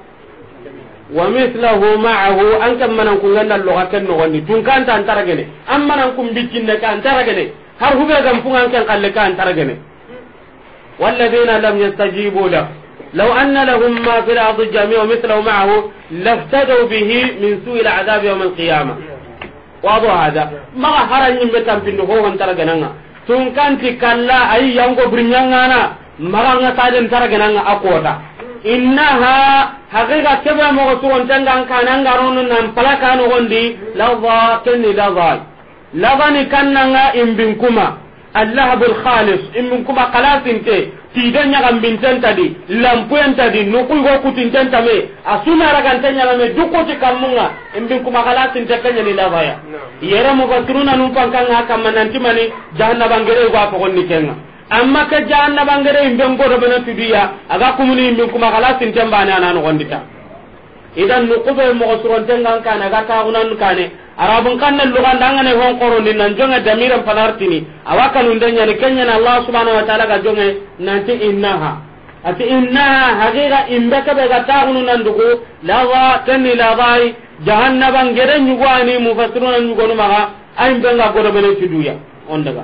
wa mithlahu ma'ahu an kam manan kun ganna loga ken no wonni tun kan tan taragene am manan kun bikin ne kan taragene har hube gam pun an kan kalle kan taragene walladheena lam yastajibu la law anna lahum ma fil ardi jami'u mithlahu ma'ahu laftadu bihi min su'il adhab yawm al-qiyamah wado hada ma haran nyimbe tampin ho hon taragenanga tun kan ti kalla ay yango brinyanga na maranga talen taragenanga akota innaha haqiqa kebe mogo sugontengan kanangaronu nan palaka nogondi lava kenni lava lavani kannanga imbinkuma allahabu lhalis imbinkuma kalasinte tide ñagambintentadi lampuyentadi nukuygo kutintentame a sunaraganteñaname dukkoti kammunga imbinkuma kalasinte keñani lavaya yere mogo suruna num pankanga kamma nantimani jahannabangereygo a fogonni kenga amma ke jahannaba ngere imbe ngoro bena tudiya aga kumuni imbe kuma kala sinten bana na no gondita idan nu kube mo soronten ngan kana ga taunan kane arabun kanna lugan dangane hon ni nan jonga damiran panartini awaka nun denya ne kenya na allah subhanahu wa taala ga jonge nanti innaha ati innaha in imbe ka be ga taunu nan dugu la wa tanni la bai jahannaba ngere nyugwani mufassiruna nyugonu maga ayin benga goro bene tudiya on daga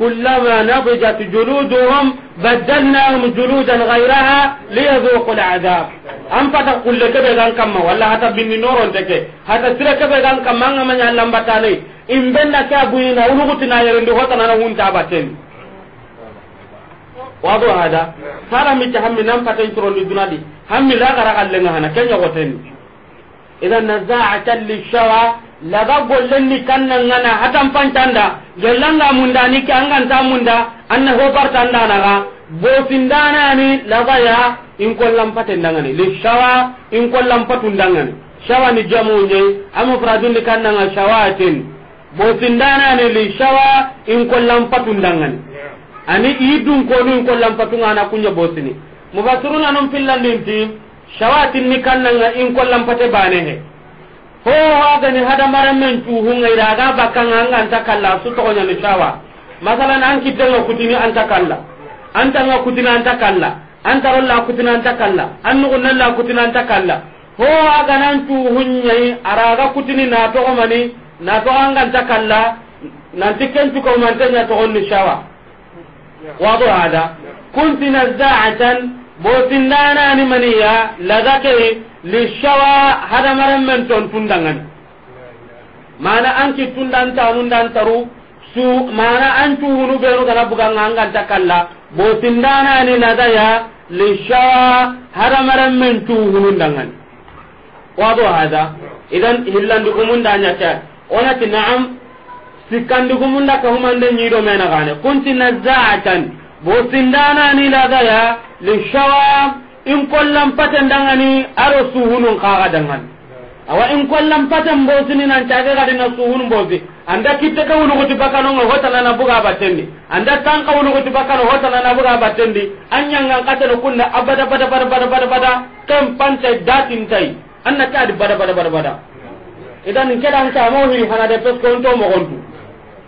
كلما نضجت جلودهم بدلناهم جلودا غيرها ليذوقوا العذاب أم فتا لك كبه غان كما ولا حتى بني نور انتك حتى سيرا كبه غان كما نغم نعلم بتالي إن بنا كابوين ونغتنا يرندو خطنا نهون تابتين واضح هذا هذا متهم نم فتا ترون لدنا دي هم لا غرق لنا هنا كن يغتني إذا نزاعة للشوى laga gollen ni kanna ngana hatan pantanda gellanga munda ni kangan ta munda anna ho bartanda naga bo sindana ni laga ya in kollam patendanga li lishawa in kollam patundanga ni shawa ni jamu ne amu fradun ni kanna nga shawatin bo sindana ni lishawa in kollam patundanga ni ani idun ko in kollam patunga na kunya bosini mubasuruna non pillandinti shawatin ni kanna nga in kollam pate bane he ho wagani hadamaren men cuhunga ira aga bakkanga anga anta kalla su togoñani sawa masalan an kittenga kutini anta kalla antanga kutini anta kalla antarolla kutina anta kalla an nugunnalla kutini anta kalla ho aganan cuhunyai araga kutini na togomani na toganga anta kalla nanti ken cukomantenya togonni sawa wado hada kuntina zaatan botindanani maniya lazakei lishawa hadamaren men ton tun dan anki dan taru su mana an cuhunu benu gana buganga anganta kalla botindanani lazaya lishawa hadamaren men cuhunundangani wado hada idan ona ti naam sikkandigumun daka humande ñido menagane kuntina zaatan bosindanani lagaya lishawa in kollan paten dangani aro suhunun kaga dangan awa in kollan paten bosini nan caga gadina suhunun bosi anda kitte ka wulu guti bakano ngo hotana na buga batendi anda tan ka wulu guti bakano hotana na buga batendi anya ngan katelo kunna abada bada bada bada bada bada kam pante datin tai anna ta di bada bada bada bada idan kedan ta mo hi hanade pesko onto mo gontu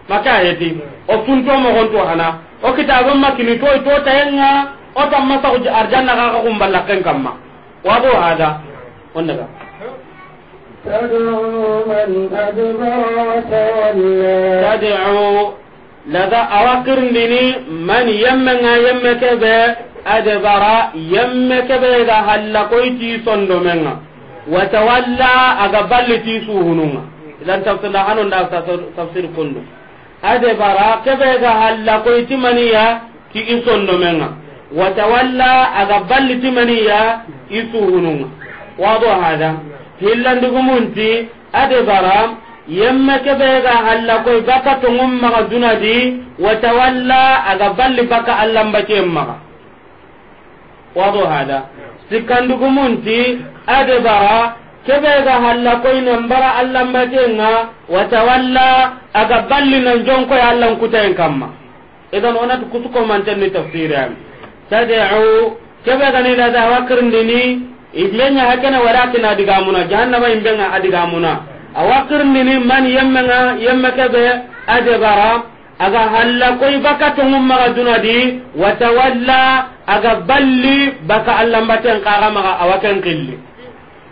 maka yeti o tun to mo gonto hana o kitabo makini to to tayenga o tan masa ko arjanna ga ko mballa ken kamma wa bo hada onna ga tad'u lada awakir dini man yamma yamma kebe adbara yamma kebe da halla ko ti sondo menga wa tawalla aga balli ti suhununga idan tafsir la hanu da tafsir kullu ade bara kebe ga halla ko itimaniya ki isondo menga wa tawalla aga balli timaniya isuhununga wado hada hillandi gumunti ade bara yemma kebe ga halla ko baka to ngumma ga dunadi wa tawalla aga balli baka allamba kemma wado hada sikandu gumunti ade bara kebe ga halla koy nan bara allah matenga wa tawalla aga balli nan jonko ya allah kutayen kamma idan onatu kusuko mantenni tafsir am tad'u kebe ga ni da dawakirndini iglenya hakana warakina digamuna jahannama imbenga adigamuna awakirndini man yemmenga yemma kebe adebara aga halla koy baka tongum maga dunadi wa tawalla aga balli baka allah maten kaga maga awaken qilli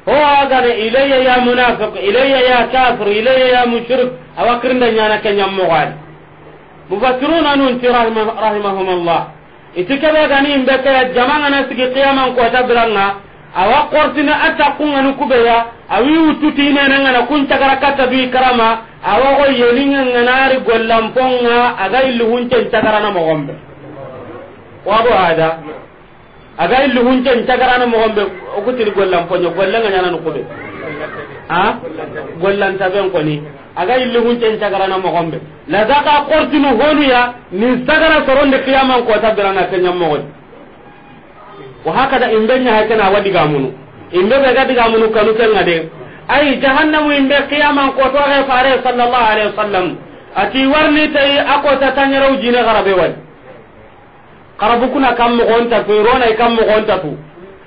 ho gana ilayya ya munafiq ilayya ya kafir ilayya ya mushrik awa kirnda nyana kenya mogadi mufassiruna nun ti rahimahumullah iti kebe gani na sigi qiyaman kota biranga awa kortini kubeya awi wututi imenangana kuncagara katta karama awa go yeninga aga illi hunce ni mogonɓe okutini gollan poño gollenga ñanani kuɓe a gollantaɓen koni aga illi hunce ntagarana mogonɓe lasaka kortinu honuya nin sagara soronde kiyaman kota birana keñammogoni wa hakada imɓe na wadi gamunu imbe imɓe ɓega gamunu kanu nga de ayi jahannamu imɓe kiyaman kotoxe fare sallallahu alaihi wasallam ati warni tayi a kota tañerew jine garabe wani karabu kuna kam mo gonta tu rona kam mo gonta tu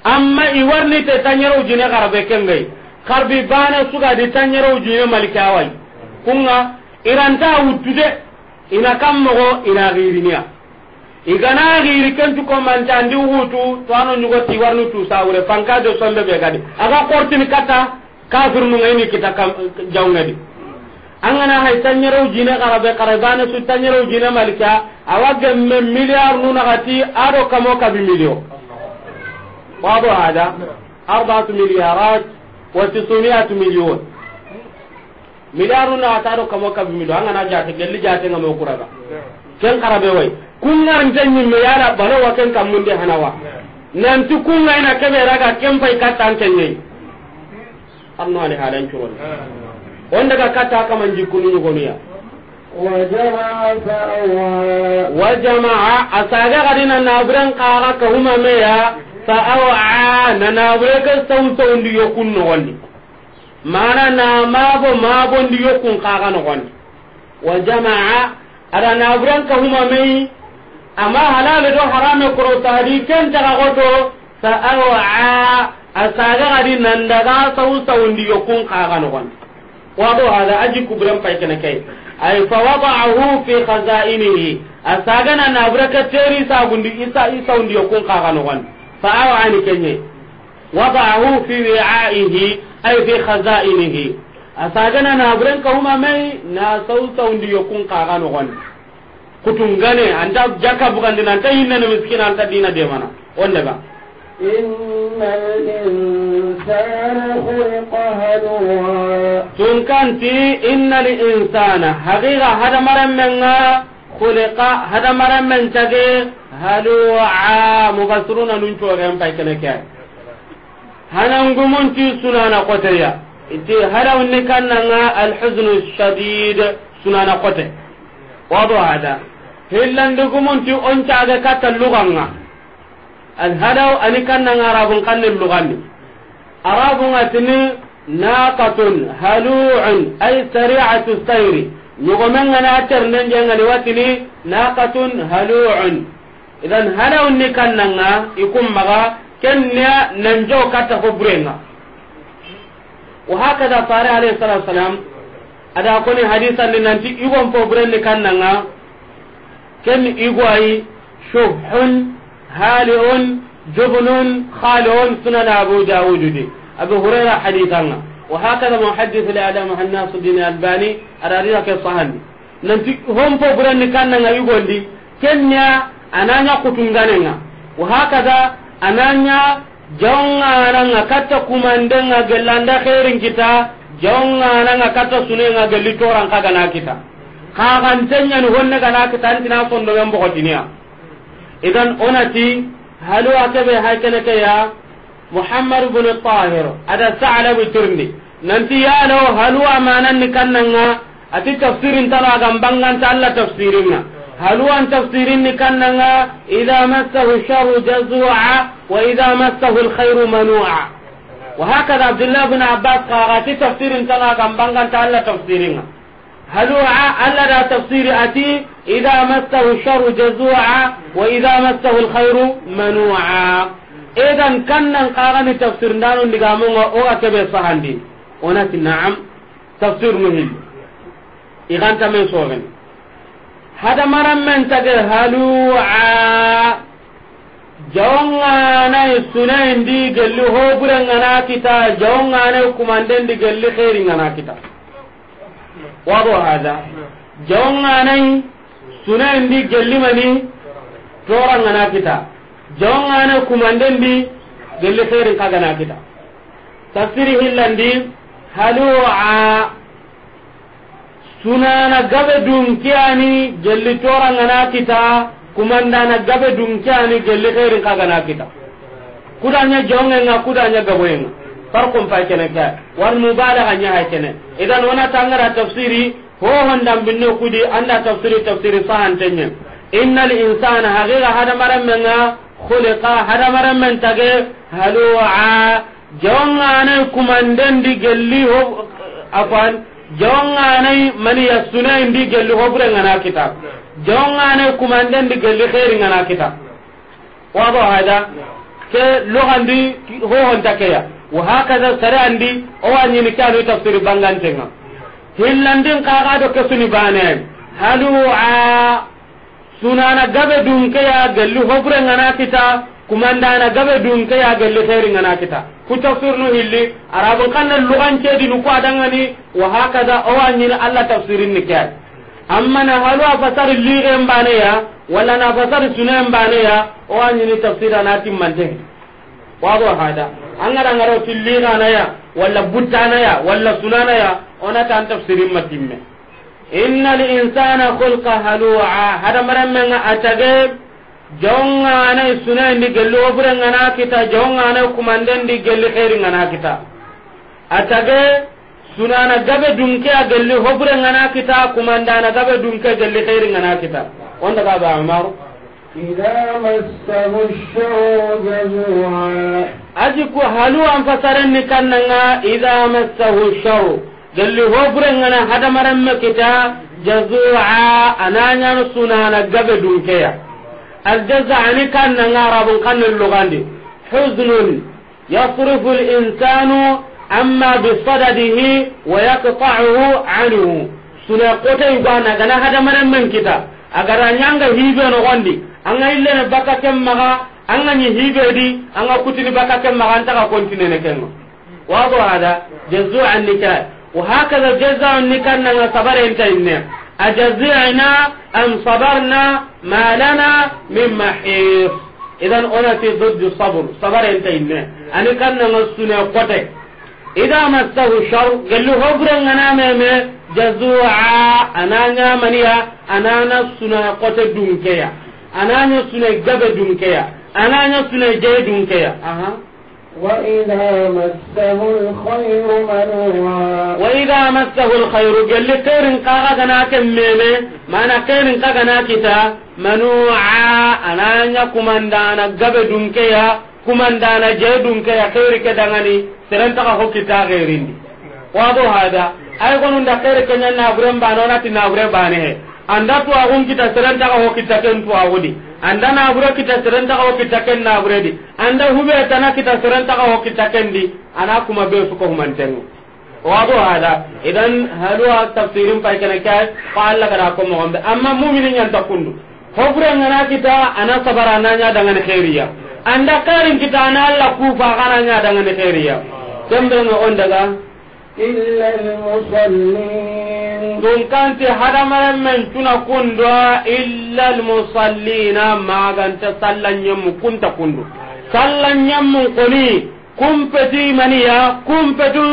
amma i warni te tanyero jine karabe kengai karbi bana suga di tanyero jine malika wai kunga iranta wutude ina kam mo ina girinia igana giri kentu ko manta andi hutu to ano nyugo ti warnu tu sawre panka do sombe be gadi aga kortini kata kafir mu ngai ni kita kam jawngadi angana hay tanyero jine karabe karabane su tanyero jine malika awage me miliar nuna gati ado kamo ka bi milio wado hada 4 miliyarat wa 900 milyon miliar nuna gati ado kamo ka bi milio angana jate gelli jate ngamo kuraga ken karabe wai kungar jenni me yara balo wa ken kamunde hanawa nanti kunga ina kebe raga ken fay katan kenyi anno ani halan churon on daga kata kaman jikkunu ñugonuya wa jamaa asaga gadina fa na mana na wa jamaa amma do harame tahdi ken goto fa asaga wado ala aji kubran pai kana kai ay fa wada'ahu fi khaza'inihi asagana na braka teri sa gundi isa isa undi kun ka kanu wan fa awani kenye wada'ahu fi wi'aihi ay fi khaza'inihi asagana na bran ka huma mai na sauta undi kun ka kanu wan kutungane anda jaka bukan dinan tayin na miskin anta dina de mana onda ba innal tunkanti inna linsana haqiqa hadamarenmenga kuliqa hadamarenmen cage halua mufasiruna nuncogen paikeneke hanangumunti sunana koteya ti hadawni kannanga alhuznu shadid sunana kote wado hada hillandigumunti on cage katta luganga alhadaw ani kannanga rabun kannen luganni arabungatini naqatun halu'un ay sari'atu sayri nyogomengana terndenjengani watini naqatun halu'un idan halawunni kannanga ikummaga kenniya nanjo katta ننجو burenga وهكذا صار عليه الصلاة والسلام ada koni ni nanti igon fo kan kannanga ken igwayi shuhun hali'un جبن خالون سنن أبو داود دي أبو هريرة حديثنا وهكذا محدث لأدم الناس الدين الألباني أراريك الصهن nanti hon po buranni kanna nga yugondi kenya ananya kutunganenga wa hakada ananya jawngana nga katta kumandenga gellanda khairin kita jawngana nga katta sunenga gelli toran kaga na kita kagan tenya ni honne gana kita antina sondo membo ko idan onati halu akabe hakana kaya muhammad ibn tahir ada sa'ala bi turmi nanti ya no halu amanan ni kannanga ati tafsirin tara gambangan ta Allah tafsirinna halu an tafsirin ni kannanga idza massahu sharru jazua wa idza massahu alkhairu manua wa hakada abdullah ibn abbas qarati tafsirin tara gambangan ta Allah tafsirinna هلوعا ألا تفسير أتي إذا مسه الشر جزوعا وإذا مسه الخير منوعا إذا كان قارن تفسير دانو نقامون أو أكبر صحندي ونأتي نعم تفسير مهم إغان تمن صوغن هذا مرم من تقر هلوعا jawonganai sunaindi gelli hoburengana kita jawonganai kumanden di gelli heringanakita wado hada jawon anai sunan di gellimani toranga na kita jawnga na kumanden di gelle khairin ka gana kita tafsiri hillandi halua sunana gabe dunkiani gelle toranga na kita kumandana gabe dunkiani gelle khairin ka gana kita kudanya jawon na kudanya gaboyenga farqum fa kene ka war mubalagha nya ha kene idan wana tangara tafsiri ho hondam binne kudi anda tafsiri tafsiri sahan tenye innal insana haqiqa hada marammanga khuliqa hada maramman tage halu'a jawngana di gelli ho afan jawngana mani yasuna indi gelli ho bure ngana kita jawngana di gelli khairi ngana kita wado hada ke lugandi ho honta keya wa hakaza sare andi o wa ni kanu tafsir bangantenga hillandin kaga do suni bane halu a sunana gabe dun ke ya galli hobre ngana kita kumandana gabe dun ke ya galli khairi ngana kita ku tafsir no hilli arabu kanna lugan ce dinu ko adangani wa hakaza o wa ni Allah tafsirin ni kyan amma na halu a fasar liren ya wala na fasar sunan bane ya o wa ni tafsira na timmanten wa hada angara ngaro tilli na ya walla buttana ya walla sunana ya ona tan tafsirin matimme innal insana khulqa halu'a hada atage jonga na sunai ndi gello bure ngana kita jonga na kumanden ngana kita atage sunana gabe dunke a ngana kita gabe dunke ngana kita onda ga ba amaru ida masahu shahu da zuwa. aji ko halu an fasalin ni kannaŋa idan masahu shahu. jalli hodure ne ka na hada mana makita. jazuca suna na gaɓe dunkaya. as jaza ani kanna ŋa rabon kanna lugani. huzunin ya furfurin isanu amma bifa daɗi waya ka kacu canuhu. su ne kotai ba na ka agara nyanga hibe no gondi anga ille ne baka kem maga anga ni hibe di anga kutini baka kem maga anta ka kontine ne kenno wado hada jazu'a nikah wa hakaza jazu'a nikah nanga sabare enta inne ajazina am sabarna ma lana min mahif idan onati duddu sabr sabare enta inne ani kan nanga sunna kote idha massahu shar gallu hobra ngana meme jazua ananya mania anana suna kote dunkeya ananya suna gabe dunkeya ananya suna je dunkeya aha wa idha massahu alkhayr manua wa idha massahu alkhayr jalli khairin kaga na kan meme mana khairin kaga na kita manua ananya kumandana gabe dunkeya kumandana je dunkeya khairi ke dangani seren ta ko kita khairin wa do hada ay gonu nda kere kenya na gure ba no nati na gure ba ne anda agun kita ko kita ken agudi anda na gure kita serenta ko kita ken na gure di anda hube tana kita ko kita ken di ana kuma be su ko hada idan tafsirin kana kai fa Allah ko mo amma mu'minin yan takundu ngana kita ana sabara nanya dengan khairiya anda karin kita ana Allah ku fa kana nya dengan khairiya kembe إلا المصلين دون كانت هرم من تنكون إلا المصلين ما كانت صلى يم كنت كنت صلى يم قني كم فتي منيا كم فتو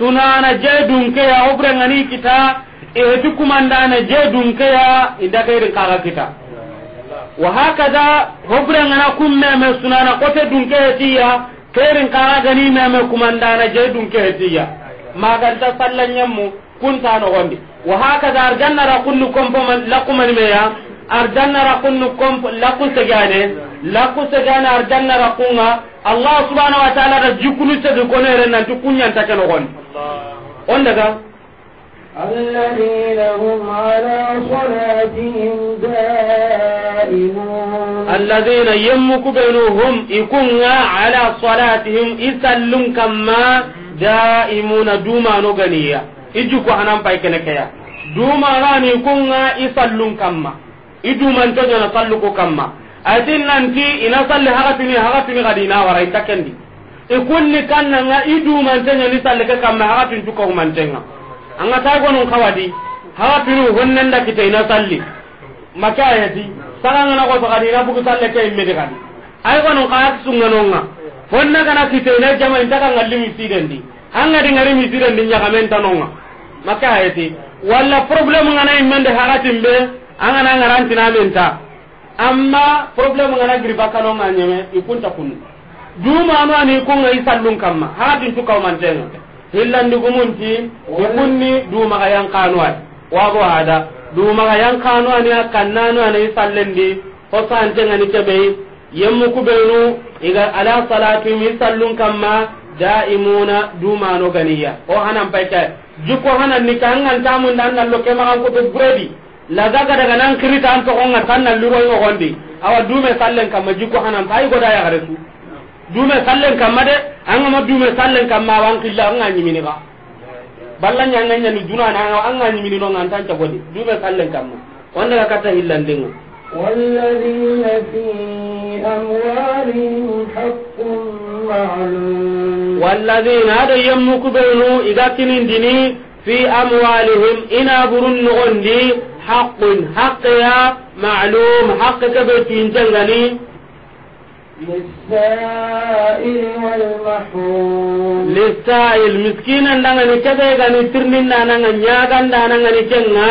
sunana je dunkeya obrengani kita eheti kumandana je dunkeya idakairin kaga kita wa hakada hobrengana kummeme sunana kote dunkehetiya kairin kaga gani meme kumandana je dunkehetiya maganta ta kunta nogondi wa haka da hakaza arjannara kunnu kompoma lakumanimeya arjannara kunnu komp laku segane laku segane arjannara kunga allah subhanahu wa taala da jikunu segi konere nanti kunyantake nogondi on daga الذين هم على صلاتهم دائمون الذين يمك بينهم يكون على صلاتهم يسلم كما daimuna dumano ganiya ijuku hanan pay kene keya dumarani kunga i sallun kamma i dumantoñana salluku kamma atin nanti ina salli hakatini hakatini kadi ina wara itta kendi ikunni kannanga i dumanteñani sallike kamma hakatin cukahumantenga anga taygonun kawadi hakatini honnenda kite ina salli make ayati sagangana ko sakadi ina bugu sallike immedi kadi ay gonun kayak sunganonga honna kana kite na jama inta kan ngalli mi sidendi anga di ngari mi sidendi nya kamen tanonga maka ayati wala problem ngana imende hakatin be anga na ngaran tinamen ta amma problem ngana giri bakano nganyeme ikunta kunu duma no ani ko ngai sallun kamma hakatin tu kaw mantenga hillandi gumunti ikunni duma ga yang kanwa wago hada duma ga yang kanwa ni kannano ani sallendi ko sante ngani kebe yemmu kubenu iga ala salatihim sallun kamma daimuna dumano ganiya o hanan baita juko hanan ni kangan tamun dan nan loke ma ko to gredi la daga daga nan kirita an to onga tan nan luro yo gondi awa dume sallen kamma juko hanan tai goda ya garesu dume sallen kamma de an ma dume sallen kamma wan killa an anyi mini ba balla nyanga nyani duna na an anyi mini no ngan tan ta godi dume sallen kamma wanda ka hillan hillandinga والذين في أموالهم حق معلوم والذين هذا يمك بينه إذا كنندني في أموالهم إنا برن غندي حق حق يا معلوم حق كبير تنجلني للسائل والمحروم للسائل مسكينا دعنا كذا غني ترنينا نعنا نياغان دعنا غني كنا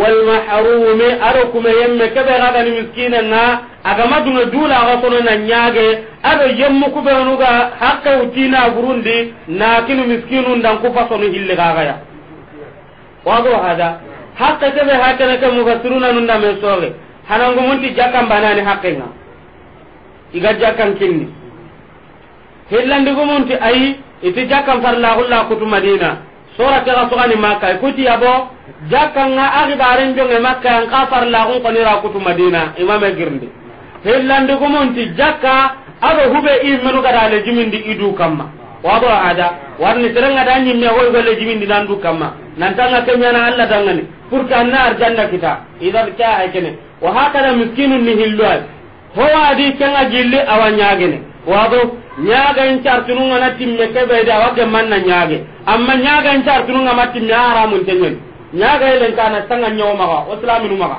والمحروم أركم يم كذا هذا المسكين مسكينا أجمع دون دولا غصنا نياغة أبا يم كبرنوغا حق وتينا غرندي لكن مسكين دعنا كفصنا هلا غايا واضح هذا حق كذا هكذا كمفسرون نندم سوغي hanangumunti بناني حقنا iga jakkan kinni hillandigumunti ayi iti jakkan farlahulla kutu madina sorate ga sugani makka kuti yabo jakkanga akibarin jonge makka yan ka farlagun konira kutu madina imame girndi hillandigumunti jakka aɗo huɓe immenu gada lejimindi idu kamma waɗo ada warni serenga da ñimme hoy go lejimindi nandu kamma nantanga keñana allah dangani pour que anna arjanna kita idan ke ay kene wa hakada miskinun ni hilluay howadi kenga jilli awa ñagene wado ñagan cartununga na timme keɓeede awa na nyaage amma ñagan cartununga ma timme a haramunte ñoni ñaga yelenkana sanga ñowomaxa o silaminumaxa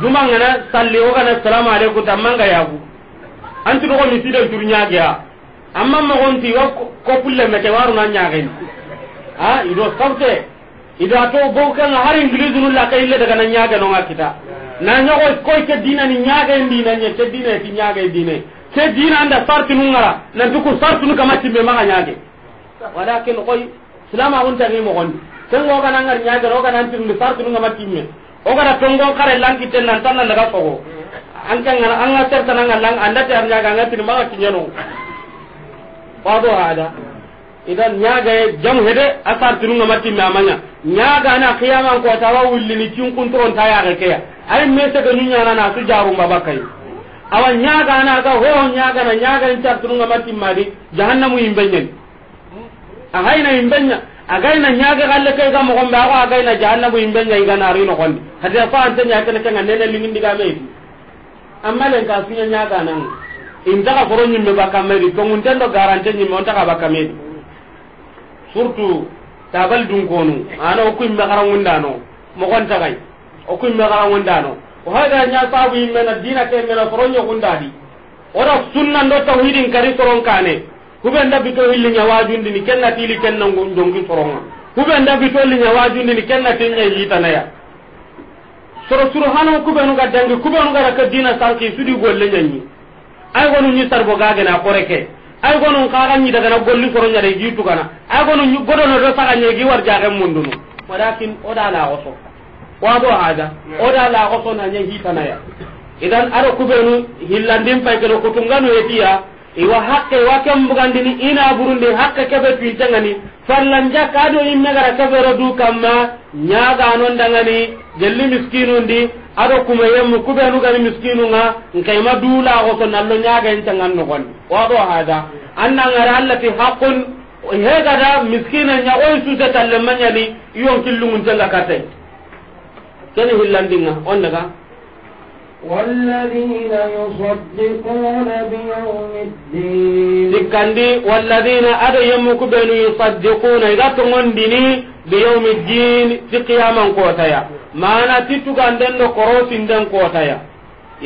dumangana salli wogana salamu aleykum tammanga yagu antinoxo misiden tur a amma moxonti wa kopulle meke waruna ñageni a ido sabte a to bo bowkenga har la laka ille dagana ñagenonga kita na ñogo koy ke dina ni ñaga ndina ñe ke dina ti ñaga dina ke dina anda sartu nunga na tuku sartu nu kama timbe ma ñage walakin koy islama on tangi mo gondi tan go kana ngar ñaga ro kana timbe sartu nunga ma timme o gara tongo kare langi ten nan tan nan daga sogo an kan ngara an ngar tan ngar lang anda tar ñaga ngati ma ka kinyano wado hada idan ñaga jam hede asartu nunga ma timme amanya ñagana kiyaman kotawa wullini cinkuntoron ta yaxe keya ay mesegenu ñanana su jarumba bakkayi awa ñagana ga ho ñagana ñagani cartununga matimmadi jahannamu yimɓe ñani agayna yimɓe ña agayna ñage galle kay ga mogonɓe ako agayna jahannamu na ña iganari nogondi hatia fa ante ñakene kenga nene ligindigameyti amma len ka suña ñagananga intaxa foro ñimme bakkamedi to nguntendo garante ñimme on taxa bakkamedi surtout tabal dun konu ana o kumme garangunda no mo gon tagay o kumme garangunda no o hada nya sabu na dina ke mena soronyo gundadi ora sunna ndo tawhidin kari soron kane hubenda bito hilli nya wajundi ni kenna tili kenna ngonjongi soronga hubenda bito hilli nya wajundi ni kenna yita na ya soro suru hano kubenu ga dangi kubenu ga ka dina sarki sudi golle nyanyi ay wonu ni sarbo gaga na koreke ay gonon kaga ni daga na golli koro nya de gitu kana ay gonon ni godono do saga nya gi war jaga mundunu walakin oda la goso wa do hada hmm. oda la goso na hita na ya idan aro kubenu hillandim pay ko kutungano etiya iwa hakke wa kem bugandini ina burundi hakke kebe tuitengani fallanja kado imme gara kebero rodu kamma nyaga anondangani gelli ndi ado kuma yemmu kubenu gani miskinunga nkaima dula goto nallo nyaga entangan nokon wado hada anna ngara allati haqqun da miskina nya oy suse talle manyali yon killungun tanga kate kene hillandinga on والذين يصدقون بيوم الدين تكندي والذين أديم كبن يصدقون إذا تغندني بيوم الدين تقياما قوتايا ما أنا تتغندن قروسندن قوتايا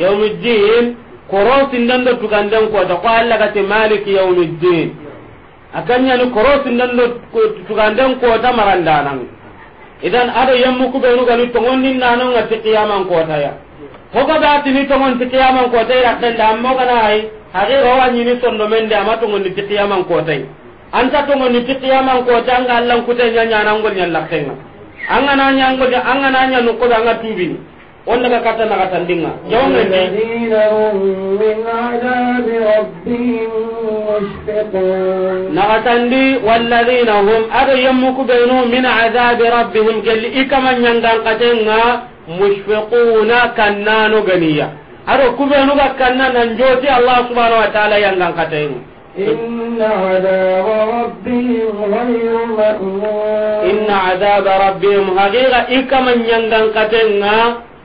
يوم الدين قروسندن تغندن قوتا قال لك مالك يوم الدين أكن akanyani korosinden do tuganden kota marandanan idan ado yemmu kubenu gani togondin nanonga ti qiyaman kotaya hoga da tini to mon ti kiyaman ko tay rakdan da amma kana ai hage rawa ni ni tondo men da ma to ni ti kiyaman ko tay an ta to ni ti kiyaman ko tay ga Allah ku tay nyanya nan gol nyalla kenga an ana nyang ko an ana nya no ko anga tubi on daga kata na kata ndinga jawon ne min adabi rabbihim mushfiqun na kata ndi walladhina hum adayamu ku bainu min adabi rabbihim gal ikama nyangan katenga mushfiquna kannano ganiya aro kubenu ga kanna nan joti allah subhanahu wa ta'ala yangan katayin inna adaba rabbihim ghayru ma'mun inna adaba rabbihim haqiqa ikaman yangan katainga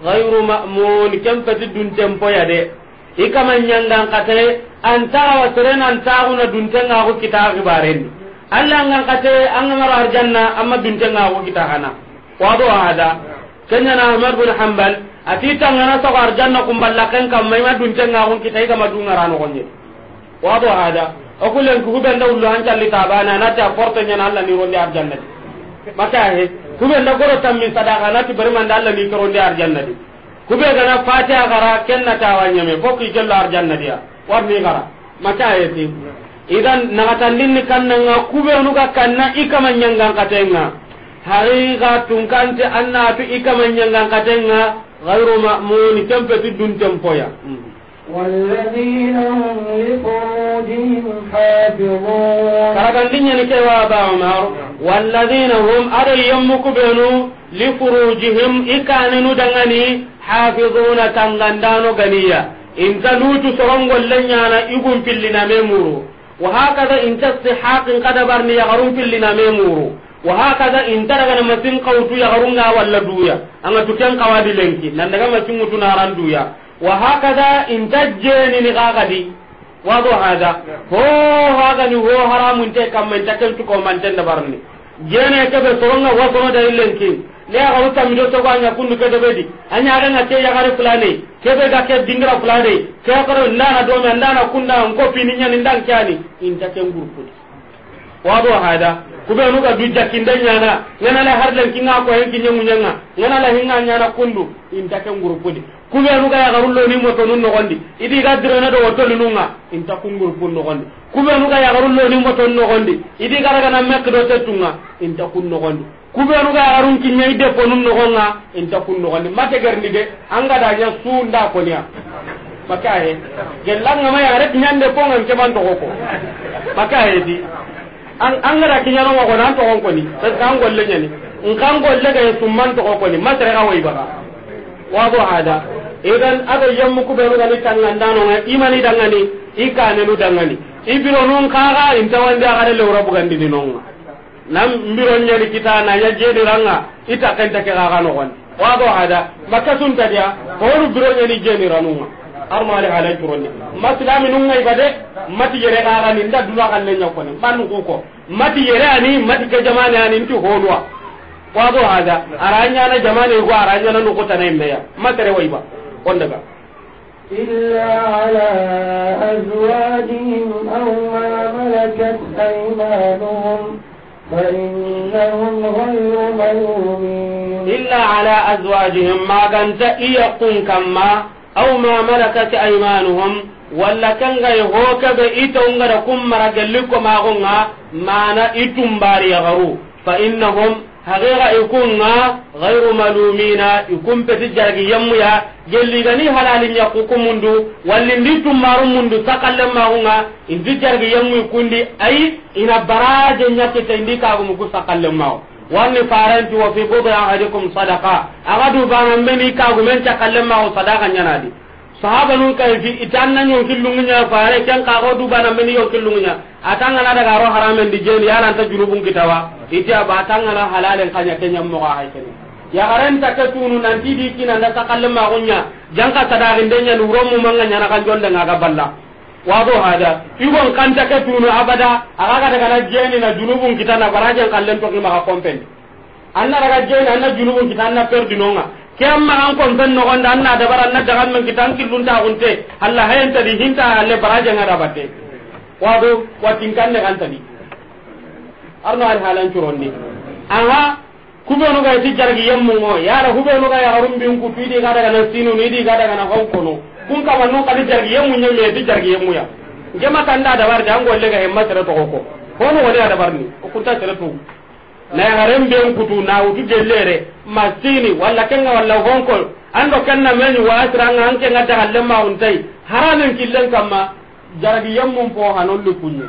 ghayru ma'mun kam fati dun tempo ya de ikaman yangan katai anta wa serena anta una dun tenga ko kita gibaren allah ngan kate an mara arjanna amma dun tenga ko kita hana wado hada kenya na ahmad bin hanbal ati tangana sako arjanna kumballa ken ma dun tanga hon kitai kama dungara no gonye wado hada okulen ku hubenda ullu hancalli tabana na ta porte nyana alla ni ronde arjanna maka he da goro tammi sadaka nati bermanda alla ni ronde arjanna di kube na fatiha gara tawa nyame fokki gello arjanna dia warni gara maka he ti idan kanna kannanga kube nuga kanna ikama nyangan katenga hariga tunkante annatu ika manyanga katenga gairu ma'mun kempe ti dun tempoya mm-hmm. walladhina hum lifurujihim hafizun kaga hum ara yammuku benu lifurujihim ikaninu dangani hafizuna tangandano ganiya inta nutu sorongo lenyana igum pillina memuru wa hakada inta sihaqin kadabarni yagarum pillina memuru wa haka hakaza intara kana masin qawtu ya garunga walla duya anga tuken qawadi lenki nan daga mutu na ran duya wa haka hakaza intajjeni ni haka di gagadi wado hada ho haka ni ho haramun te kam men taken tu ko man tan dabarni jene ke be soronga wa sono da lenki le ga ruta mi do to ga nya kunu ke de di anya ga na ke ya ga fulani ke be ga ke dingra fulani ke ko ndana do men ndana kunna on ko pini nya ni ndan kyani in taken gurpu wado hada kubenu ga dujja kinda nyana ngana la harlan kinga ko hen kinya munyanga ngana la hinga nyana kundu inta ken gurupudi kubenu ga ya garullo ni moto nun no gondi idi ga direna do woto lununga inta kun gurupun no gondi kubenu ga ya garullo ni moto no gondi idi ga daga na mek do tetunga inta kun no gondi kubenu ga ya garun kinya ide ko nun no gonga inta kun no gondi mate garni de anga da nya sunda ko nya makaye gelanga ma ya rek nyande ko ngam ke man to ko makaye di an gara kinyano wa gona to kan golle nyani in kan golle ga summan to koni masara ga wai baka wa do hada idan ado yammu ku be ga ni tangandano imani lu ibiro nun ga le ni non nam mbiro nyani kita na ya jedi ranga ita kan ta ke ga ga no wa hada makka sun ta dia ko ru biro nyani arno ali halay turonni masilami nun ngai bade mati yere ni nda duna kan ban ko mati yere ani mati ke jamani ani nti holwa wa do ko aranya na nuko tanai meya matare ba on daga إلا على أزواجهم أو ما ملكت أيمانهم فإنهم غير ملومين إلا على أزواجهم ما كنت إيقن كما aw ma malakat aymanuhum walla kangay mara itongada kummara gellikko magonga mana itumbariyaharu fa innahum haqiqa ikunga gairu malumina ikun peti jaragi yammuya gelligani halalin yakkuku mundu walli ndi tummaru mundu sakallen magunga indi jaragi yammu ikundi ayi ina baraje ñakkete indi ku sakallen mago wanni faranti wa fi budi ahadikum sadaqa aga du bai ni kagu men cakalle ma sadaka yana di sahaba nun kai fi itanna nyon killungunya fare ken kago du banan beni yon nya atan na daga ro haramen di jeni yaran ta jurubun kitawa ba aba atanga na halalen kanya kenya mo ga hay kenya ya garen ta ka tunu nan ti di kinan da ta takalle ma gunya janka sadaqa nya nu mu manga nyana kan jonda ngaga balla wado hada igon kanta ke tunu abada aga ga daga jeni na junubun kita na barajan kallen to ki maka kompen anna daga jeni anna junubun kita na perdi nonga kiam ma an kompen no gonda anna da bara na daga men kita an kilun ta gunte alla hayen ta di hinta alle barajan ngara batte wado watin kan ne kan tadi arno al halan curonni aha kubo no ga ti jargi yammo ya ra kubo no ga ya rumbin ku tudi ga daga na sinu ni di ga daga na honkono kun kama nu kadi jargi yemu nya me di jargi yemu ya ngema tanda da barde an golle ga hemma tere to ko hono wala da barni o kunta tere to na ya haren ben kutu na wutu gellere masini walla kenga walla honko ando kenna meni wa nga an kenga da halle ma untai haranan killen kamma jargi yemu po hanollu kunye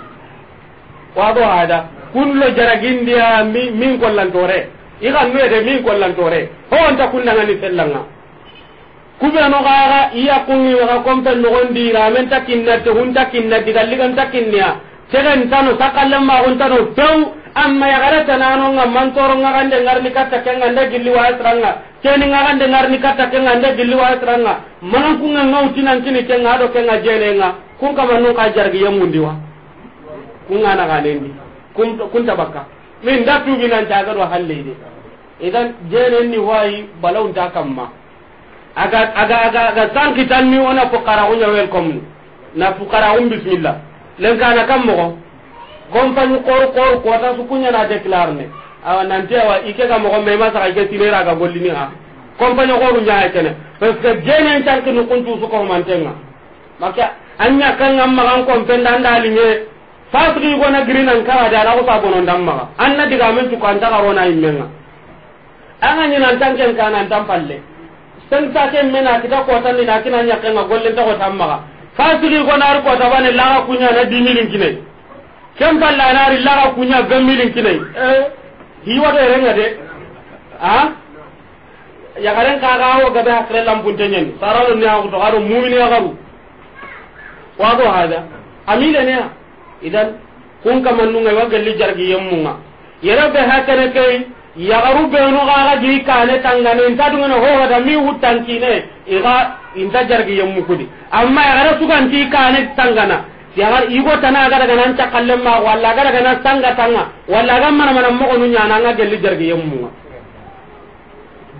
wado hada kunlo jaragindia min kollan tore igan nuede min kollan tore ho anta kunna ngani sellanga kubeno gaga iya kungi waga kompe nogondi ramen takinnate hun takinnati galligan takinniya tegen tano sakallenma guntano pew amma yagaratananonga mantoronga gande ngarni katta kenga nde gilli wasiranga keninga gande ngarni katta kenga nde gilli wasiranga manan kunga ngautinankini kenga aɗo kenga nga kun kama nun ka jargi yemundiwa kunganaganendi kunta bakka min da tubinancaga ɗo halleyde idan jene jenenni hoayi balaunta kamma aga aga aga aga sanki tan ni ona fuqara ko nyawen komni na fuqara um bismillah len kana kam mo gon fa ni kor kor ko ta su kunya na declare ne awa nan nanti awa ike ga mo me ma sa ga tinera ga golli ni ha kon fa ni ko ru nyaa kene parce que jenen tan ni kuntu su ko man mantenga maka anya kan amma kan kon pen dan dali ne fasri go na grinan ka da na ko sa gonon dan ma anna diga men tu kan ta rona immenga anga ni nan tan ken kana tan palle sen ta ken mena kita ko tan ni na kina nya kan golle ta ko tamma fasiki ko nar ko ta bane la ku nya na dimilin kine ken palla nar la ku nya gamilin kine eh hi wata renga de ha ya garen ka ga ho gabe hakre lampun tenyen saralo ne ha to garo mu'mini ya garu wa do hada amile ne idan kun kamannu ngai wa galli jargi ma yara be hakane kai yagaru benu gaga ji kane tangane inta dungana ho da mi hutan kine iga inta jargi yemmu kudi amma yagara sugan ti kane tangana yagar igo tana ga daga nan cakallem ma walla ga daga nan tanga tanga walla ga mana mana mo gonu nyana nga gelli jargi yemmu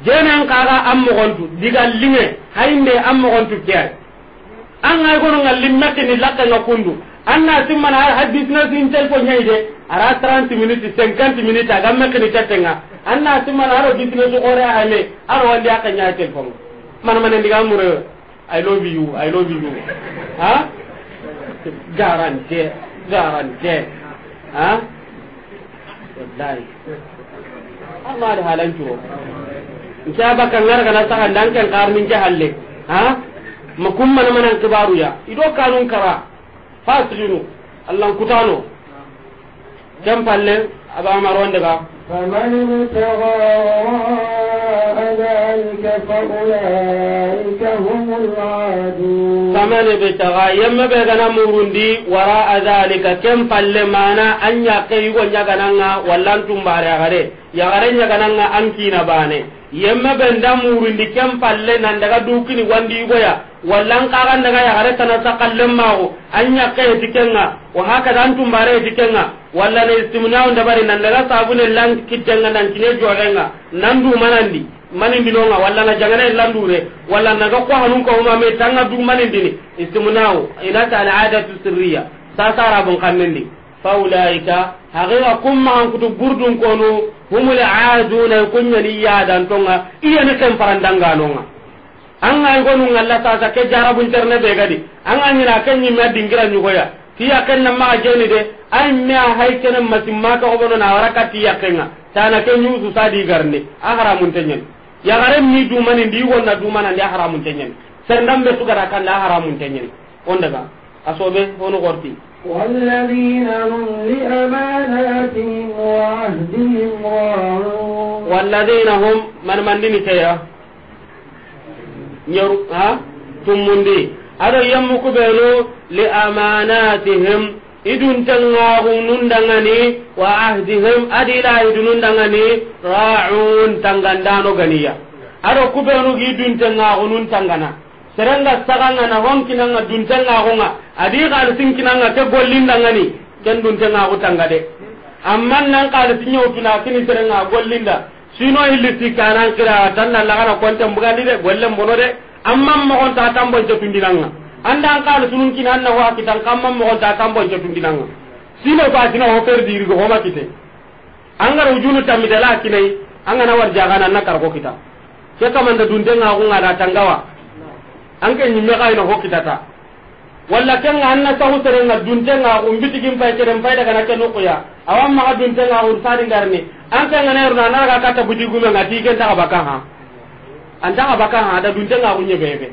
jenan kaga ammo gontu diga linge hainde ammo gontu kiyai an ay gonu ngalimma kini lakka ngakundu anna simman ha business in tel ko nyai de ara 30 minutes 50 minutes aga me kini tatenga anna simman ara business ko re ha me ara wandi aka nyai tel ko man man ndiga mure i love you i love you ha garante garante ha wallahi Allah da halancu nke baka ngar kana sa handan kan karmin ke halle ha makum man man kibaru ya ido kanun kara fasiginu allan kutano ken palle aba maron daga faman ibtaga dhalika fa ulaika humul adun faman ibtaga yamma be gana murundi wara dhalika ken palle mana anya kai go nyaga nanga wallan tumbare gare ya gare nyaga nanga an kina bane yemme ben da murundi kem palle nan daga dukini wandi goya wallan karan daga ya gare tana sakallen mago anya kay tikenga wa haka dan tumbare tikenga walla ne istimnaun da bari nan daga sabune lan kitenga nan kine jorenga nan du manandi manindi nonga walla na jangana landure walla naga ko hanun ko ma me tanga du manindi ni istimnau ina ta al'adatu sirriya sasa rabun kannindi faulaika haqiqa kummaxan kutu burdun konu humul aduna kunyani yadantonga iyani ken parandanganonga anga igonu ngalla sasa ke jarabuncerene ɓegadi anga ñina ke ñimme a dingira ñugoya ti yaken na maxa jeni de ay me a hay kene masimmaka xoɓono na waraka ti yakenga tana ke ñusu sadi garni a haramunte ñen yagaren mi dumani ndi wonna du dumanandi a haramunte ñen serndamɓe sugata kanda a haramunte ñen on daga a soɓe honu xorti والذين هم لأماناتهم وعهدهم راعون والذين هم من من دنيتيا نيرو ها تموندي ado yammu kubenu li amanatihim idun tangahu nundangani wa ahdihim adila idun dangani ra'un tangandano ganiya ado kubenu idun tangahu nun tangana serenda saganga na honkinanga duntengaxonga adi xaalisinkinanga ke gollindangani ken duntengaxutanga de amma nan xaalisinñowtuna kini serenga gollinda sino hilliti kanan kira tanna lagana konten bugandi de gollen bono de amma mogonta tamboncetunginanga andan xaalisinunkin anna ho akitan kamma mogonta tamboncetunginanga sino ko atina ho perdirigo homa kite angara ujunu na akinai angana warjagana anna kargo kita ke kamanda duntengaxunga da tangawa anke no hokki data walla kenga anna sahu serenga duntenga xum bitigin pay keren pay dagana ke nukuya awan maxa duntenga xur sadingarni an kenga neruna anaraga katta butigumenga tiken ta baka ha ga baka ha ada duntenga unye bebe